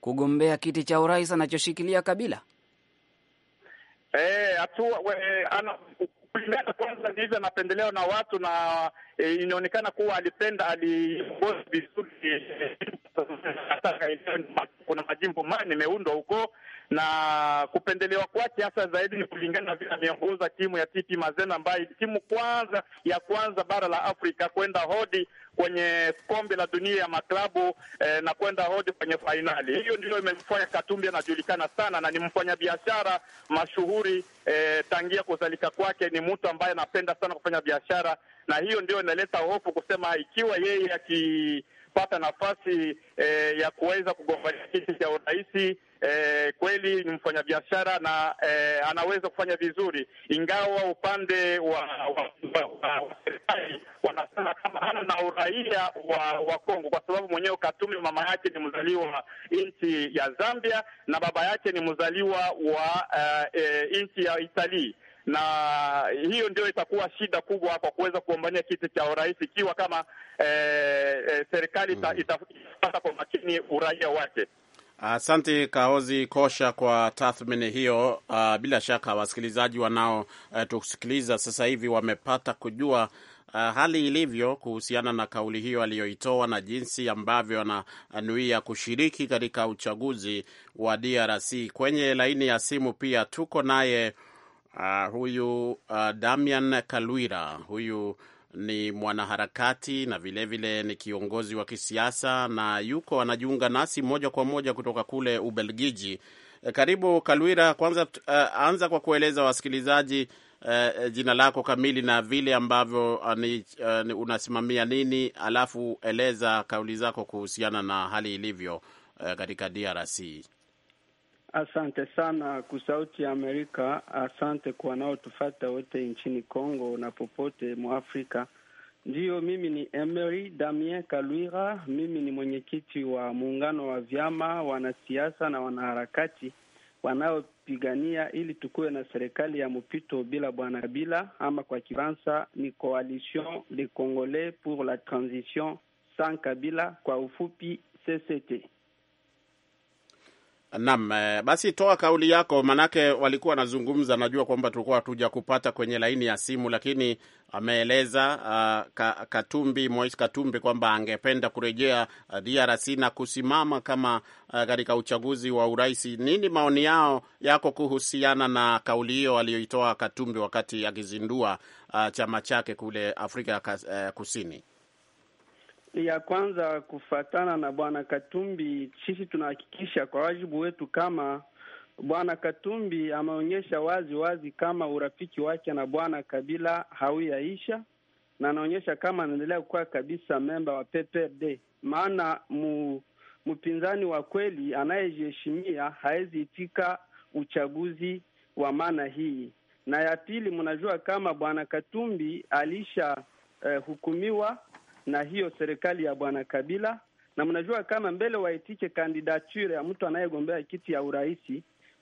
kugombea kiti cha urais anachoshikilia Kabila? Eh, kulingana kwanza ndivyo anapendelewa na watu na e, inaonekana kuwa alipenda aliongoza vizuri. Eh, kuna majimbo manne imeundwa huko na kupendelewa kwake hasa zaidi ni kulingana na vile ameongoza timu ya TP Mazembe ambayo timu kwanza ya kwanza bara la Afrika kwenda hodi kwenye kombe la dunia ya maklabu eh, na kwenda hodi kwenye fainali. Hiyo ndio imemfanya Katumbi anajulikana sana na ni mfanyabiashara mashuhuri eh, tangia kuzalika kwake. Ni mtu ambaye anapenda sana kufanya biashara, na hiyo ndio inaleta hofu kusema ikiwa yeye akipata nafasi eh, ya kuweza kugombania kiti cha urais eh, kweli ni mfanyabiashara na eh, anaweza kufanya vizuri, ingawa upande wa serikali wanasema kama hana na uraia wa wa Kongo, kwa sababu mwenyewe Katumi mama yake ni mzaliwa wa nchi ya Zambia na baba yake ni mzaliwa wa uh, nchi ya Italii na hiyo ndio itakuwa shida kubwa kwa kuweza kugombania kiti cha urais ikiwa kama eh, eh, serikali mm. itapata kwa makini uraia wake. Asante Kaozi Kosha kwa tathmini hiyo. Uh, bila shaka wasikilizaji wanaotusikiliza eh, uh, sasa hivi wamepata kujua uh, hali ilivyo kuhusiana na kauli hiyo aliyoitoa na jinsi ambavyo ananuia kushiriki katika uchaguzi wa DRC. Kwenye laini ya simu pia tuko naye uh, huyu uh, Damian Kalwira, huyu ni mwanaharakati na vilevile vile ni kiongozi wa kisiasa na yuko anajiunga nasi moja kwa moja kutoka kule Ubelgiji. E, karibu Kalwira. Kwanza uh, anza kwa kueleza wasikilizaji uh, jina lako kamili na vile ambavyo uh, ni, uh, unasimamia nini, alafu eleza kauli zako kuhusiana na hali ilivyo uh, katika DRC. Asante sana kusauti ya Amerika. Asante kwa wanaotufata wote nchini congo na popote Mwafrika. Ndiyo, mimi ni Emery Damien Kalwira. Mimi ni mwenyekiti wa muungano wa vyama wanasiasa na wanaharakati wanaopigania ili tukuwe na serikali ya mpito bila bwana Kabila, ama kwa Kifaransa ni Coalition des Congolais pour la Transition sans Kabila, kwa ufupi CCT. Naam, eh, basi toa kauli yako, manake walikuwa wanazungumza. Najua kwamba tulikuwa hatuja kupata kwenye laini ya simu, lakini ameeleza uh, ka, Katumbi Moise Katumbi kwamba angependa kurejea uh, ah, DRC na kusimama kama ah, katika uh, uchaguzi wa urais. Nini maoni yao yako kuhusiana na kauli hiyo aliyoitoa Katumbi wakati akizindua uh, chama chake kule Afrika uh, Kusini? Ya kwanza kufatana na bwana Katumbi, sisi tunahakikisha kwa wajibu wetu kama bwana Katumbi ameonyesha wazi wazi kama urafiki wake na bwana Kabila hauyaisha na anaonyesha kama anaendelea kuwa kabisa memba wa PPRD, maana mu mpinzani wa kweli anayejiheshimia hawezi itika uchaguzi wa maana hii. Na ya pili, mnajua kama bwana Katumbi alisha eh, hukumiwa na hiyo serikali ya bwana Kabila, na mnajua kama mbele waitike kandidature ya mtu anayegombea kiti ya urais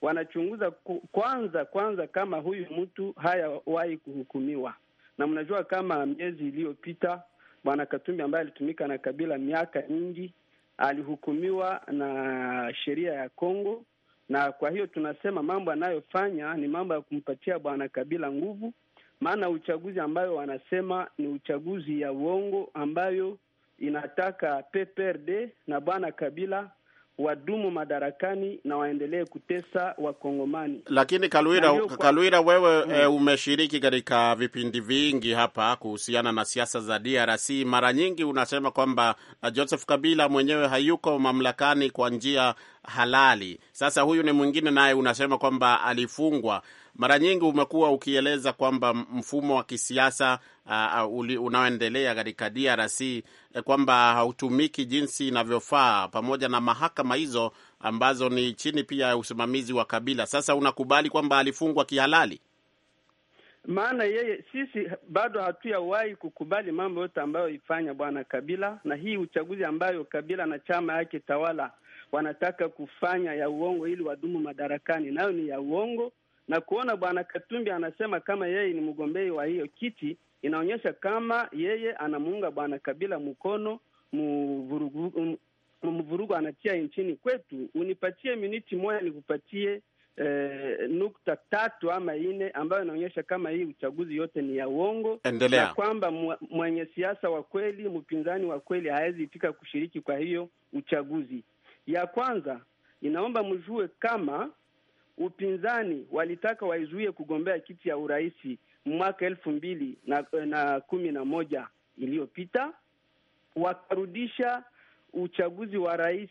wanachunguza kwanza kwanza kama huyu mtu hayawahi kuhukumiwa, na mnajua kama miezi iliyopita bwana Katumbi ambaye alitumika na Kabila miaka mingi alihukumiwa na sheria ya Kongo, na kwa hiyo tunasema mambo anayofanya ni mambo ya kumpatia bwana Kabila nguvu maana uchaguzi ambayo wanasema ni uchaguzi ya uongo ambayo inataka PPRD na bwana Kabila wadumu madarakani na waendelee kutesa Wakongomani. Lakini Kalwira, kwa... Kalwira wewe mm. e, umeshiriki katika vipindi vingi hapa kuhusiana na siasa za DRC. Mara nyingi unasema kwamba eh, Joseph Kabila mwenyewe hayuko mamlakani kwa njia halali. Sasa huyu ni mwingine naye unasema kwamba alifungwa. Mara nyingi umekuwa ukieleza kwamba mfumo wa kisiasa uh, uh unaoendelea katika DRC eh, kwamba hautumiki jinsi inavyofaa, pamoja na mahakama hizo ambazo ni chini pia ya usimamizi wa Kabila. Sasa unakubali kwamba alifungwa kihalali? Maana yeye sisi bado hatuyawahi kukubali mambo yote ambayo ifanya bwana Kabila na hii uchaguzi ambayo Kabila na chama yake tawala wanataka kufanya ya uongo ili wadumu madarakani, nayo ni ya uongo. Na kuona bwana Katumbi anasema kama yeye ni mgombei wa hiyo kiti, inaonyesha kama yeye anamuunga bwana Kabila mkono mvurugu, mvurugu anatia nchini kwetu. Unipatie miniti moja nikupatie Eh, nukta tatu ama ine ambayo inaonyesha kama hii uchaguzi yote ni ya uongo. Endelea. Na kwamba mwenye siasa wa kweli, mpinzani wa kweli hawezi itika kushiriki kwa hiyo uchaguzi. Ya kwanza inaomba mjue kama upinzani walitaka waizuie kugombea kiti ya urais mwaka elfu mbili na, na kumi na moja iliyopita wakarudisha uchaguzi wa rais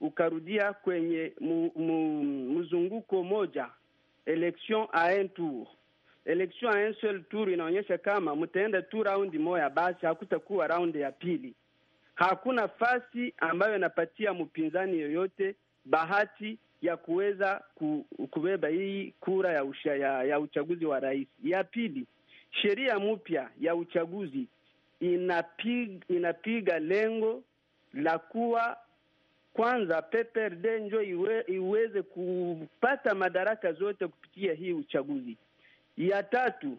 ukarudia kwenye mu, mu, mzunguko moja, election a un tour. Election a un seul tour inaonyesha kama mtaenda tu raundi moja, basi hakutakuwa raundi ya pili. Hakuna fasi ambayo inapatia mpinzani yoyote bahati ya kuweza kubeba hii kura ya, usha, ya, ya uchaguzi wa rais. Ya pili, sheria mpya ya uchaguzi inapiga, inapiga lengo la kuwa kwanza PPRD njo iwe, iweze kupata madaraka zote kupitia hii uchaguzi. Ya tatu,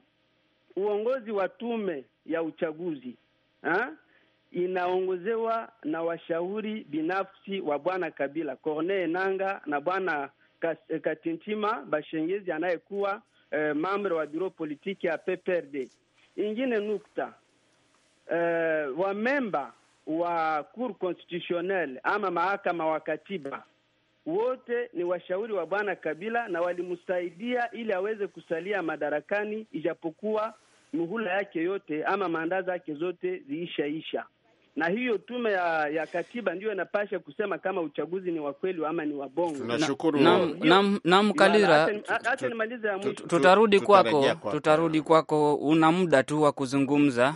uongozi wa tume ya uchaguzi ha? inaongozewa na washauri binafsi wa bwana Kabila, Corneille nanga na bwana eh, katintima Bashengezi anayekuwa eh, mambre wa biro politiki ya PPRD. Ingine nukta eh, wamemba wa Cour Constitutionnelle ama mahakama wa katiba wote ni washauri wa bwana Kabila na walimsaidia ili aweze kusalia madarakani, ijapokuwa mihula yake yote ama manda yake zote ziishaisha na hiyo tume ya, ya katiba ndiyo inapasha kusema kama uchaguzi ni wa kweli ama ni wa bongo. Tunashukuru nam Kalira, acha nimalize ya mwisho, tutarudi kwako, tutarudi kwako, una muda tu wa kuzungumza.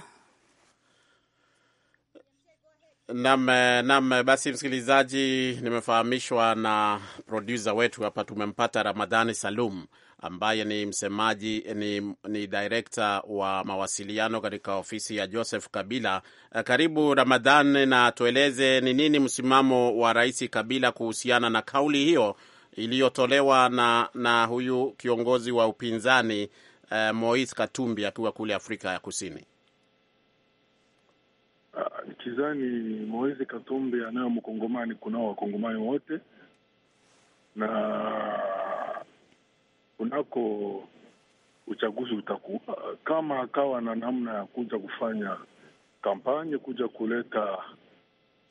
Nam, nam, basi msikilizaji, nimefahamishwa na produsa wetu hapa, tumempata Ramadhani Salum ambaye ni msemaji ni, ni direkta wa mawasiliano katika ofisi ya Joseph Kabila. Eh, karibu Ramadhan, na tueleze ni nini msimamo wa Rais Kabila kuhusiana na kauli hiyo iliyotolewa na, na huyu kiongozi wa upinzani eh, Moise Katumbi akiwa kule Afrika ya Kusini. Kizani ah, Moise Katumbi anayo mkongomani, kunao wakongomani wote na kunako uchaguzi utakuwa, kama akawa na namna ya kuja kufanya kampanye, kuja kuleta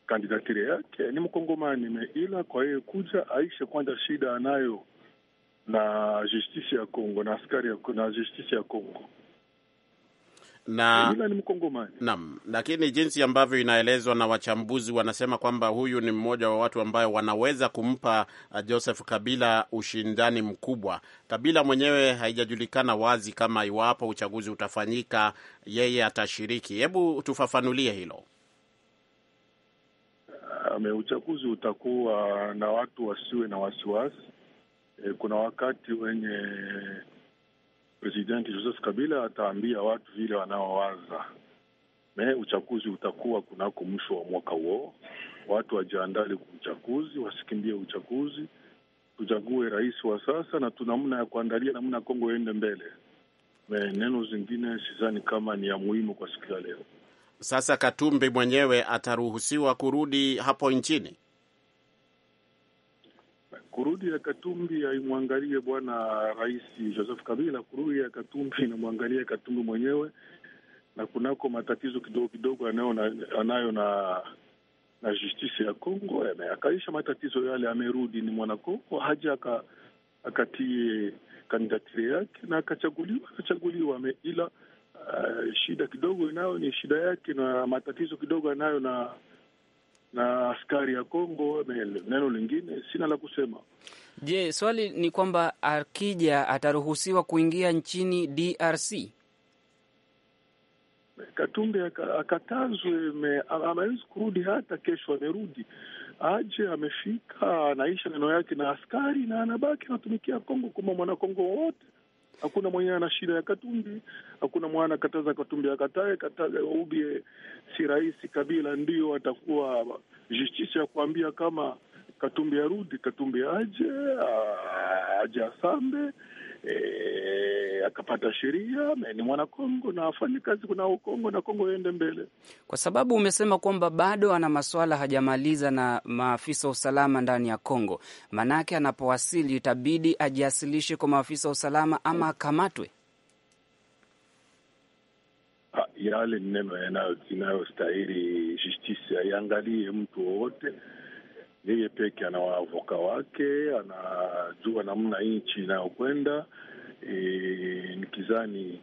kandidatire yake, ni mkongomani ila kwa yeye kuja aishe kwanza shida anayo na justisi ya Kongo na askari ya, na justisi ya Kongo na hila ni Mkongomani. Naam, lakini jinsi ambavyo inaelezwa na wachambuzi wanasema kwamba huyu ni mmoja wa watu ambayo wanaweza kumpa uh, Joseph Kabila ushindani mkubwa. Kabila mwenyewe haijajulikana wazi kama iwapo uchaguzi utafanyika yeye atashiriki. Hebu tufafanulie hilo. Uh, uchaguzi utakuwa na watu wasiwe na wasiwasi. E, kuna wakati wenye Presidenti Joseph Kabila ataambia watu vile wanaowaza me uchaguzi utakuwa kunako mwisho wa mwaka huo. Watu wajiandali kwa uchaguzi, wasikimbie uchaguzi, tuchague rais wa sasa na tunamna ya kuandalia namna Kongo iende mbele. Me, neno zingine sidhani kama ni ya muhimu kwa siku ya leo. Sasa Katumbi mwenyewe ataruhusiwa kurudi hapo nchini? kurudi ya Katumbi haimwangalie bwana Rais Joseph Kabila, kurudi ya Katumbi inamwangalia Katumbi mwenyewe na kunako matatizo kidogo kidogo anayo na, anayo na na justice ya congo akaisha matatizo yale, amerudi ni mwanakongo, haja akatie kandidatire yake na akachaguliwa, akachaguliwa ame, ila uh, shida kidogo inayo ni shida yake na matatizo kidogo anayo na na askari ya Kongo. Neno lingine sina la kusema. Je, swali ni kwamba akija ataruhusiwa kuingia nchini DRC? Katumbe akatazwe, amawezi kurudi hata kesho, amerudi aje, amefika, anaisha neno yake na askari na anabaki anatumikia Kongo kama mwanakongo wote Hakuna mwenye ana shida ya Katumbi, hakuna mwana kataza Katumbi akatae kataza ubie. Si rahisi Kabila ndio atakuwa justice ya kuambia kama Katumbi arudi, Katumbi aje aje asambe E, akapata sheria ni mwana Kongo na afanye kazi kuna Kongo na Kongo iende mbele, kwa sababu umesema kwamba bado ana maswala hajamaliza na maafisa wa usalama ndani ya Kongo. Maanake anapowasili itabidi ajiasilishe kwa maafisa wa usalama ama akamatwe. Yale neno inayostahili justice aiangalie mtu wowote yeye peke, ana wavoka wake, anajua namna nchi inayokwenda. E, nikizani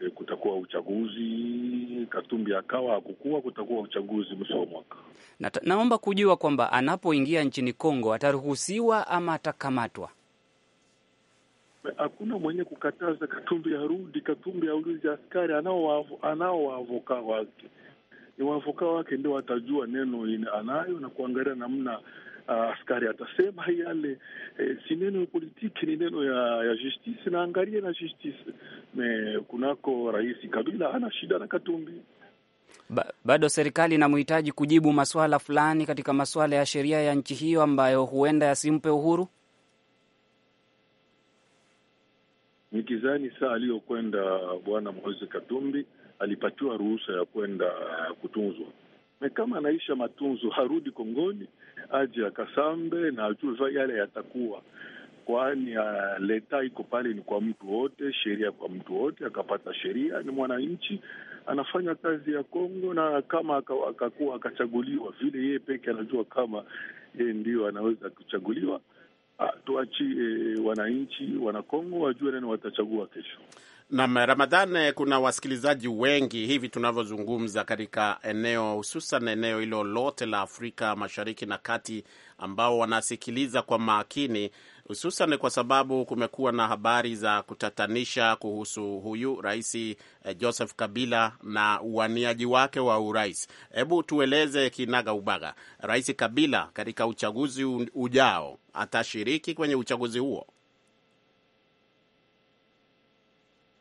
e, kutakuwa uchaguzi. Katumbi akawa hakukuwa, kutakuwa uchaguzi mwisho wa mwaka. Na, naomba kujua kwamba anapoingia nchini Kongo ataruhusiwa ama atakamatwa? Hakuna mwenye kukataza Katumbi arudi. Katumbi aulizi askari, anao wake ni waafaka wake ndio watajua neno ina anayo na kuangalia namna Uh, askari atasema yale eh, si neno ya politiki, ni neno ya ya justice na angalie na justice me kunako Rais Kabila ana shida na Katumbi ba, bado serikali inamhitaji kujibu maswala fulani katika maswala ya sheria ya nchi hiyo ambayo huenda yasimpe uhuru. Nikizani saa aliyokwenda bwana Moise Katumbi alipatiwa ruhusa ya kwenda uh, kutunzwa na kama anaisha matunzo *laughs* harudi Kongoni aje akasambe na ajue yale yatakuwa, kwani uh, leta iko pale, ni kwa mtu wote, sheria kwa mtu wote. Akapata sheria, ni mwananchi, anafanya kazi ya Kongo, na kama akakuwa akachaguliwa vile, yeye peke anajua kama yeye ndio anaweza kuchaguliwa. Uh, tuachie eh, wananchi wana Kongo wajue nani watachagua kesho. Nam Ramadhan, eh, kuna wasikilizaji wengi hivi tunavyozungumza katika eneo hususan eneo hilo lote la Afrika Mashariki na Kati ambao wanasikiliza kwa makini, hususan kwa sababu kumekuwa na habari za kutatanisha kuhusu huyu Rais eh, Joseph Kabila na uaniaji wake wa urais. Hebu tueleze kinaga ubaga, Rais Kabila katika uchaguzi ujao atashiriki kwenye uchaguzi huo?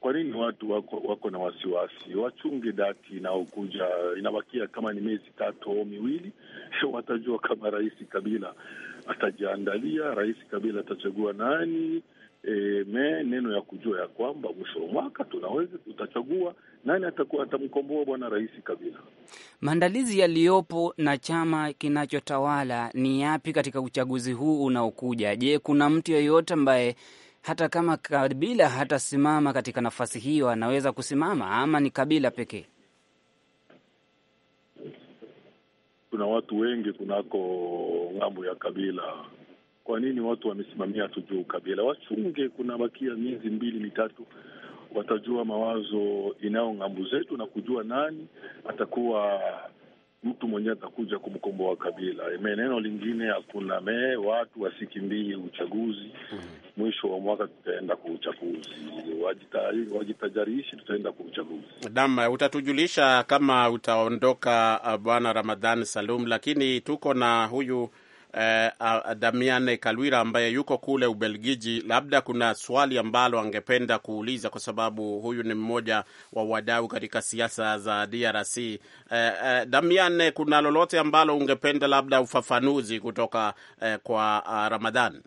kwa nini watu wako, wako na wasiwasi? Wachunge dati inaokuja, inabakia kama ni miezi tatu au miwili, *laughs* watajua kama Rais Kabila atajiandalia, Rais Kabila atachagua nani. E, me neno ya kujua ya kwamba mwisho wa mwaka tunaweza tutachagua nani atakuwa atamkomboa bwana Rais Kabila. Maandalizi yaliyopo na chama kinachotawala ni yapi katika uchaguzi huu unaokuja? Je, kuna mtu yoyote ambaye hata kama Kabila hatasimama katika nafasi hiyo, anaweza kusimama ama ni Kabila pekee? Kuna watu wengi kunako ng'ambo ya Kabila. Kwa nini watu wamesimamia tujuu Kabila? Wachunge, kuna bakia miezi mbili mitatu, watajua mawazo inayo ng'ambo zetu na kujua nani atakuwa mtu mwenyewe atakuja kumkomboa Kabila. Neno lingine hakuna mee, watu wasikimbii uchaguzi. Hmm. Mwisho wa mwaka tutaenda kwa uchaguzi, wajitajarishi, tutaenda kwa uchaguzi. Naam, utatujulisha kama utaondoka, ah, Bwana Ramadhan Salum, lakini tuko na huyu eh, Damiane Kalwira ambaye yuko kule Ubelgiji, labda kuna swali ambalo angependa kuuliza kwa sababu huyu ni mmoja wa wadau katika siasa za DRC. Eh, eh, Damian, kuna lolote ambalo ungependa labda ufafanuzi kutoka eh, kwa ah, Ramadhan?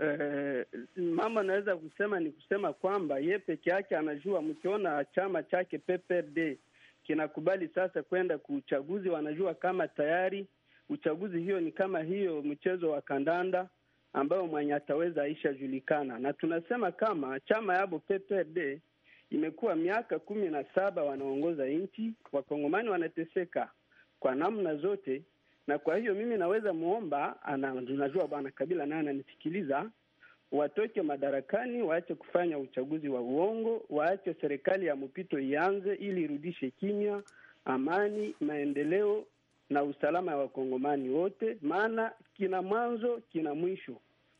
Eh, mama naweza kusema ni kusema kwamba ye peke yake anajua. Mkiona chama chake PPRD kinakubali sasa kwenda kuuchaguzi, wanajua kama tayari uchaguzi hiyo ni kama hiyo mchezo wa kandanda ambayo mwenye ataweza aishajulikana, na tunasema kama chama yabo PPRD imekuwa miaka kumi na saba wanaongoza nchi, wakongomani wanateseka kwa namna zote. Na kwa hiyo mimi naweza muomba ana, unajua bwana Kabila naye ananisikiliza, watoke madarakani, waache kufanya uchaguzi wa uongo, waache serikali ya mpito ianze ili irudishe kimya, amani, maendeleo na usalama ya wakongomani wote, maana kina mwanzo kina mwisho.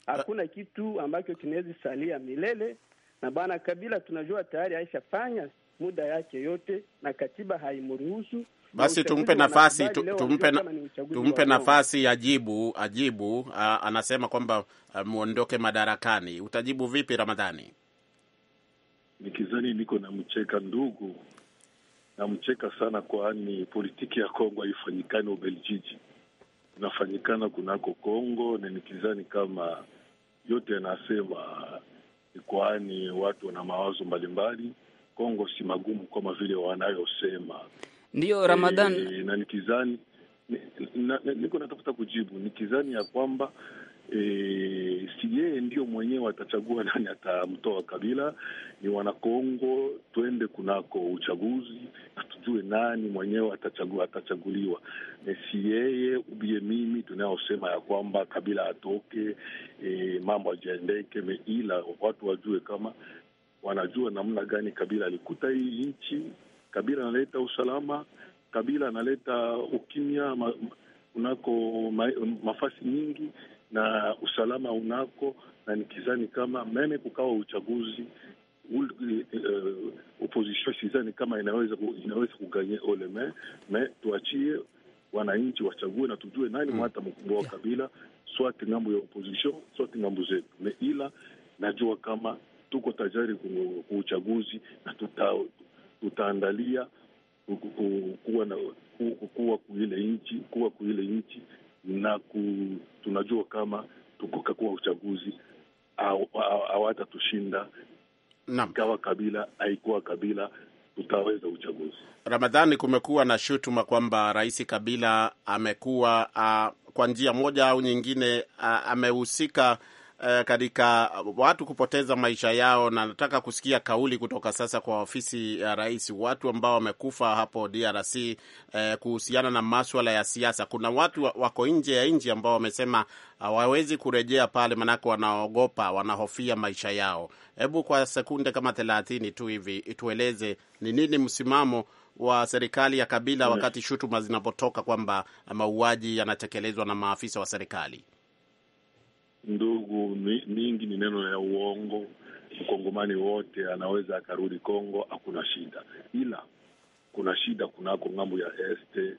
Hakuna kitu ambacho kinaweza salia milele, na bwana Kabila tunajua tayari aishafanya muda yake yote na katiba haimruhusu. Basi tumpe nafasi tumpe, na, tumpe nafasi ajibu ajibu. a, anasema kwamba muondoke madarakani. Utajibu vipi Ramadhani? Nikizani niko na mcheka ndugu namcheka sana, kwani politiki ya Kongo haifanyikani Ubeljiji, inafanyikana kunako Kongo, na nikizani kama yote yanasema kwani watu wana mawazo mbalimbali. Kongo si magumu kama vile wanayosema. Ndiyo Ramadhan e, eh, na nikizani niko natafuta kujibu nikizani ya kwamba E, si yeye ndio mwenyewe atachagua *laughs* nani atamtoa Kabila. Ni Wanakongo, twende kunako uchaguzi tujue nani mwenyewe atachagua, atachaguliwa. E, si yeye ubie mimi tunayosema ya kwamba Kabila atoke, e, mambo ajiendeke, ila watu wajue kama wanajua namna gani Kabila alikuta hii nchi. Kabila analeta usalama, Kabila analeta ukimya ma, kunako ma, mafasi nyingi na usalama unako, na nikizani kama meme kukawa uchaguzi uh, opposition sizani kama inaweza inaweza kuganye oleme me, tuachie wananchi wachague na tujue nani mm. mwata mkubwa wa kabila, swati ngambo ya opposition, swati ngambo zetu me, ila najua kama tuko tajari kwa uchaguzi na tuta, tutaandalia kuwa kuwa kuile nchi kuwa kuile nchi na ku, tunajua kama tukokakuwa uchaguzi hawatatushinda ikawa kabila haikuwa kabila tutaweza uchaguzi. Ramadhani, kumekuwa na shutuma kwamba Rais Kabila amekuwa ah, kwa njia moja au nyingine ah, amehusika eh, katika watu kupoteza maisha yao, na nataka kusikia kauli kutoka sasa kwa ofisi ya rais, watu ambao wamekufa hapo DRC eh, kuhusiana na maswala ya siasa. Kuna watu wako nje ya nchi ambao wamesema hawawezi kurejea pale, manake wanaogopa, wanahofia maisha yao. Hebu kwa sekunde kama thelathini tu hivi itueleze ni nini msimamo wa serikali ya Kabila wakati shutuma zinapotoka kwamba mauaji yanatekelezwa na maafisa wa serikali ndugu mingi ni neno ya uongo. Mkongomani wote anaweza akarudi Kongo, hakuna shida, ila kuna shida kunako ng'ambo ya este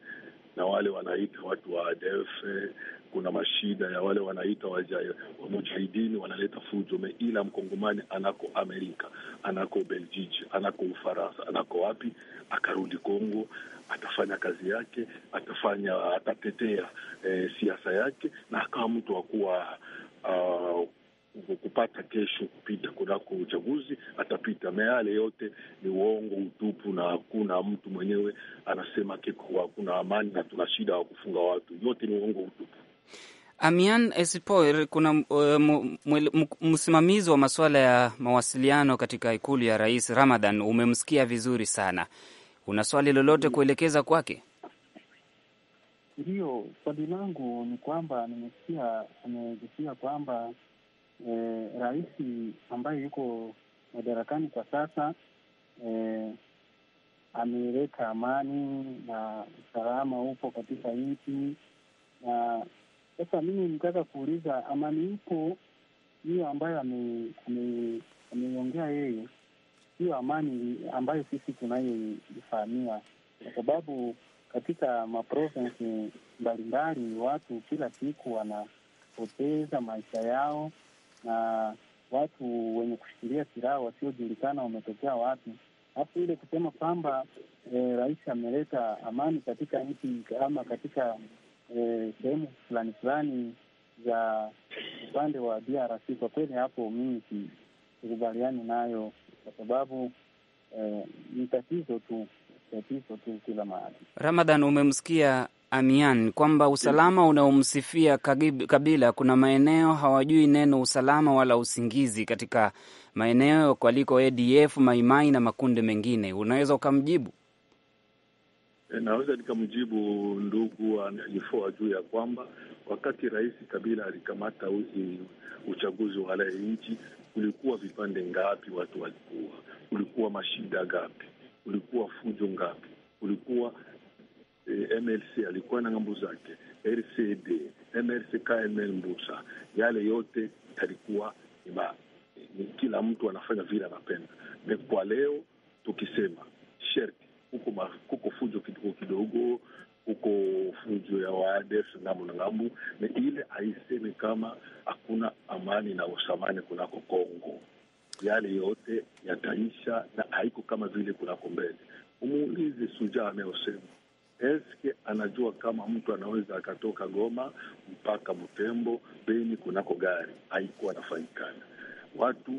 na wale wanaita watu wa ADF. Kuna mashida ya wale wanaita wamujahidini, wanaleta fujo me, ila mkongomani anako Amerika, anako Beljiji, anako Ufaransa, anako wapi, akarudi Kongo, atafanya kazi yake, atafanya atatetea e, siasa yake na akawa mtu wa kuwa uh, kupata kesho kupita kunako uchaguzi atapita. Meale yote ni uongo utupu, na hakuna mtu mwenyewe anasema kiko hakuna amani na tuna shida wa kufunga watu, yote ni uongo utupu. Amian Esipoir, kuna uh, msimamizi wa masuala ya mawasiliano katika ikulu ya rais Ramadhan, umemsikia vizuri sana. Una swali lolote kuelekeza kwake? ndio swali langu ni kwamba nimesikia amezisia kwamba e, rais ambaye yuko madarakani kwa sasa e, ameleta amani na usalama upo katika nchi, na sasa mimi nitaka kuuliza amani ipo hiyo ambayo ameiongea yeye, hiyo amani ambayo sisi tunayoifahamia, kwa sababu katika maprovensi mbalimbali, watu kila siku wanapoteza maisha yao, na watu wenye kushikilia silaha wasiojulikana wametokea wapi. Hafu ile kusema kwamba e, rais ameleta amani katika nchi ama katika eh, sehemu fulani fulani za upande wa DRC, kwa kweli hapo mimi sikubaliani nayo, kwa sababu e, ni tatizo tu tatizo tu kila mahali. Ramadhan, umemsikia Amian kwamba usalama unaomsifia Kabila, kuna maeneo hawajui neno usalama wala usingizi katika maeneo kwaliko ADF, Maimai na makundi mengine, unaweza ukamjibu? E, naweza nikamjibu ndugu alifoa juu ya kwamba wakati Rais Kabila alikamata uchaguzi wa hale nchi, kulikuwa vipande ngapi, watu walikuwa kulikuwa mashida gapi kulikuwa fujo ngapi, kulikuwa eh, MLC alikuwa na ngambo zake, RCD, MLC, KML Mbusa, yale yote yalikuwa ni kila mtu anafanya vile anapenda. me kwa leo tukisema sherti kuko, kuko fujo kidogo kidogo huko fujo ya waadef ngambo na ngambo, me ile haisemi kama hakuna amani na usamani kunako Kongo yale yote yataisha na haiko kama vile kunako mbele. Umuulize Suja ameosema eske anajua kama mtu anaweza akatoka Goma mpaka Butembo, Beni kunako gari haikuwa anafanyikana watu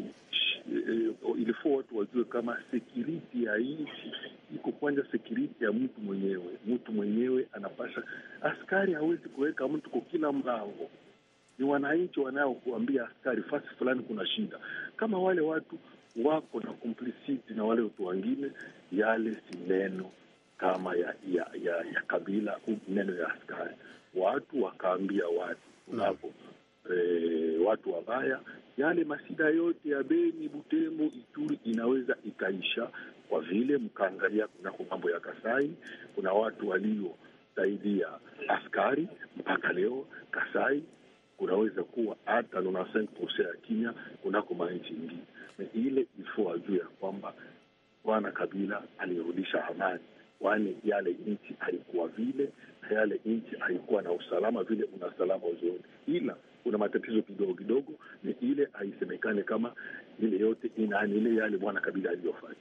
eh, eh ilifua watu wajue kama sekuriti ya nchi iko kwanja sekuriti ya mtu mwenyewe. Mtu mwenyewe anapasha, askari hawezi kuweka mtu kwa kila mlango ni wananchi wanaokuambia askari, fasi fulani kuna shida. Kama wale watu wako na complicity na wale watu wengine, yale si neno kama ya ya, ya, ya kabila, neno ya askari. Watu wakaambia watu unapo E, watu wabaya, yale mashida yote ya Beni, Butembo, Ituri inaweza ikaisha, kwa vile mkaangalia kunako mambo ya Kasai kuna watu waliosaidia askari mpaka leo Kasai kunaweza kuwa hata nona ya Kenya kunako manchi ingine ile ifo ajuu ya kwamba Bwana Kabila alirudisha amani, kwani yale nchi alikuwa vile na yale nchi alikuwa na usalama vile una salama uzuri, ila kuna matatizo kidogo kidogo, ni ile haisemekane kama ile yote inaanile yale Bwana Kabila aliyofanya.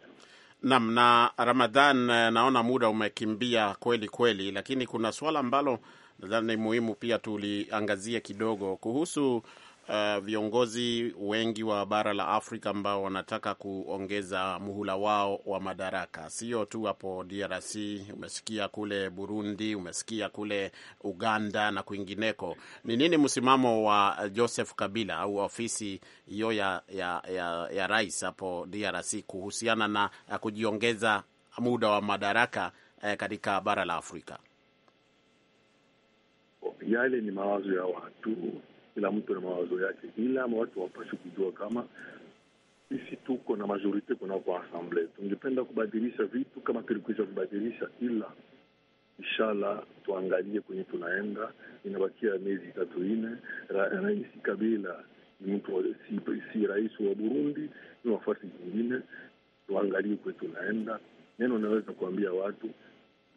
Naam, na Ramadhan, eh, naona muda umekimbia kweli kweli, lakini kuna suala ambalo nadhani ni muhimu pia tuliangazia kidogo kuhusu uh, viongozi wengi wa bara la Afrika ambao wanataka kuongeza muhula wao wa madaraka, sio tu hapo DRC. Umesikia kule Burundi, umesikia kule Uganda na kwingineko. Ni nini msimamo wa Joseph Kabila au ofisi hiyo ya, ya, ya, ya rais hapo DRC kuhusiana na uh, kujiongeza muda wa madaraka eh, katika bara la Afrika? yale ni mawazo ya watu, kila mtu na mawazo yake, ila watu wapashi kujua kama sisi tuko na majorite kunako asamble. Tungependa kubadilisha vitu kama tulikuisha kubadilisha, ila inshallah tuangalie kwenye tunaenda. Inabakia miezi tatu ine Rais Kabila ni mtu si, si rais wa Burundi, ni wafasi zingine. Tuangalie kwenye tunaenda. Neno naweza kuambia watu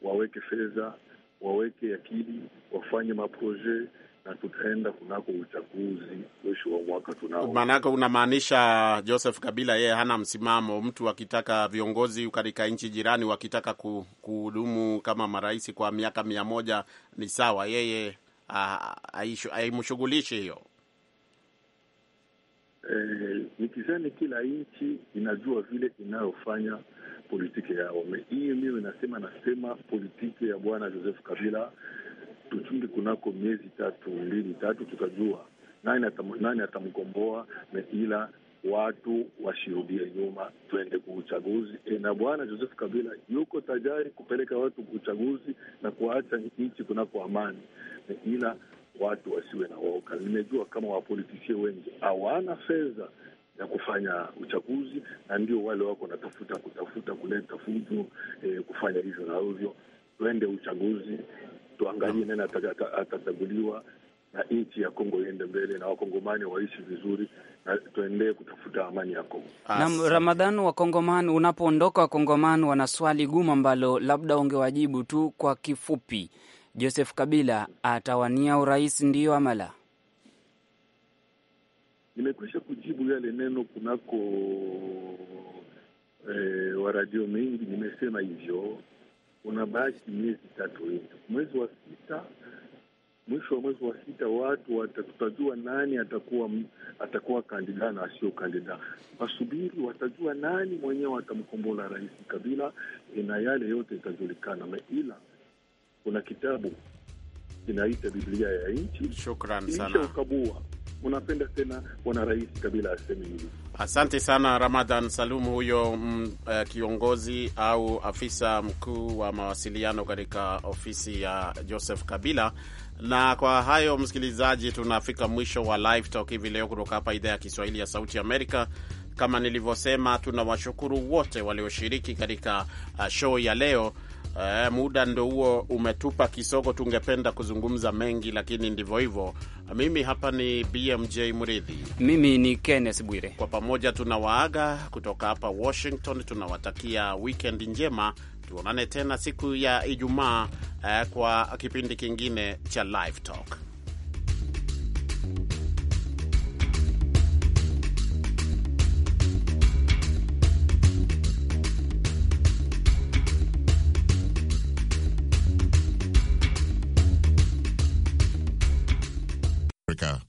waweke fedha waweke akili, wafanye maproje na tutaenda kunako uchaguzi mwisho wa mwaka tunao. Maanake unamaanisha Joseph Kabila yeye hana msimamo. Mtu akitaka viongozi katika nchi jirani wakitaka kuhudumu kama marais kwa miaka mia moja ni sawa, yeye haimshughulishi hiyo. E, kila nchi inajua vile inayofanya politiki yao. Hiyo mimi nasema nasema politiki ya bwana Joseph Kabila, tuchungi kunako miezi tatu mbili tatu, tutajua nani, atam, nani atamgomboa ila watu washirudie nyuma, twende uchaguzi E, na bwana Joseph Kabila yuko tajari kupeleka watu uchaguzi na kuacha nchi kunako amani, ila watu wasiwe na woga. Nimejua kama wapolitisie wengi hawana fedha ya kufanya uchaguzi, na ndio wale wako wanatafuta kutafuta kuleta fujo eh, kufanya hivyo na hivyo. Tuende uchaguzi, tuangalie nani atachaguliwa na nchi ya Kongo iende mbele na wakongomani waishi vizuri na tuendelee kutafuta amani ya Kongo. Na Ramadhan, wakongomani, unapoondoka wakongomani wana swali gumu ambalo labda ungewajibu tu kwa kifupi. Joseph Kabila atawania urais, ndio ama la? Nimekwisha yale neno kunako e, wa radio mingi nimesema hivyo, unabaki miezi tatu hivi, mwezi wa sita, mwisho wa mwezi wa sita watu watatajua nani atakuwa atakuwa kandida na asio kandida. Wasubiri, watajua nani mwenyewe atamkombola Rais Kabila na yale yote itajulikana, ila kuna kitabu kinaita Biblia ya nchi, shukran sana ukabua unapenda tena bwana Rais Kabila aseme hivi. Asante sana Ramadhan Salumu, huyo m, mm, uh, eh, kiongozi au afisa mkuu wa mawasiliano katika ofisi ya Joseph Kabila. Na kwa hayo, msikilizaji, tunafika mwisho wa Live Talk hivi leo kutoka hapa idhaa ya Kiswahili ya Sauti Amerika. Kama nilivyosema, tunawashukuru wote walioshiriki katika uh, show ya leo Uh, muda ndo huo umetupa kisogo. Tungependa kuzungumza mengi, lakini ndivyo hivyo. Mimi hapa ni BMJ Mridhi, mimi ni Kenneth Bwire. Kwa pamoja tunawaaga kutoka hapa Washington, tunawatakia weekend njema. Tuonane tena siku ya Ijumaa uh, kwa kipindi kingine cha Live Talk. Africa.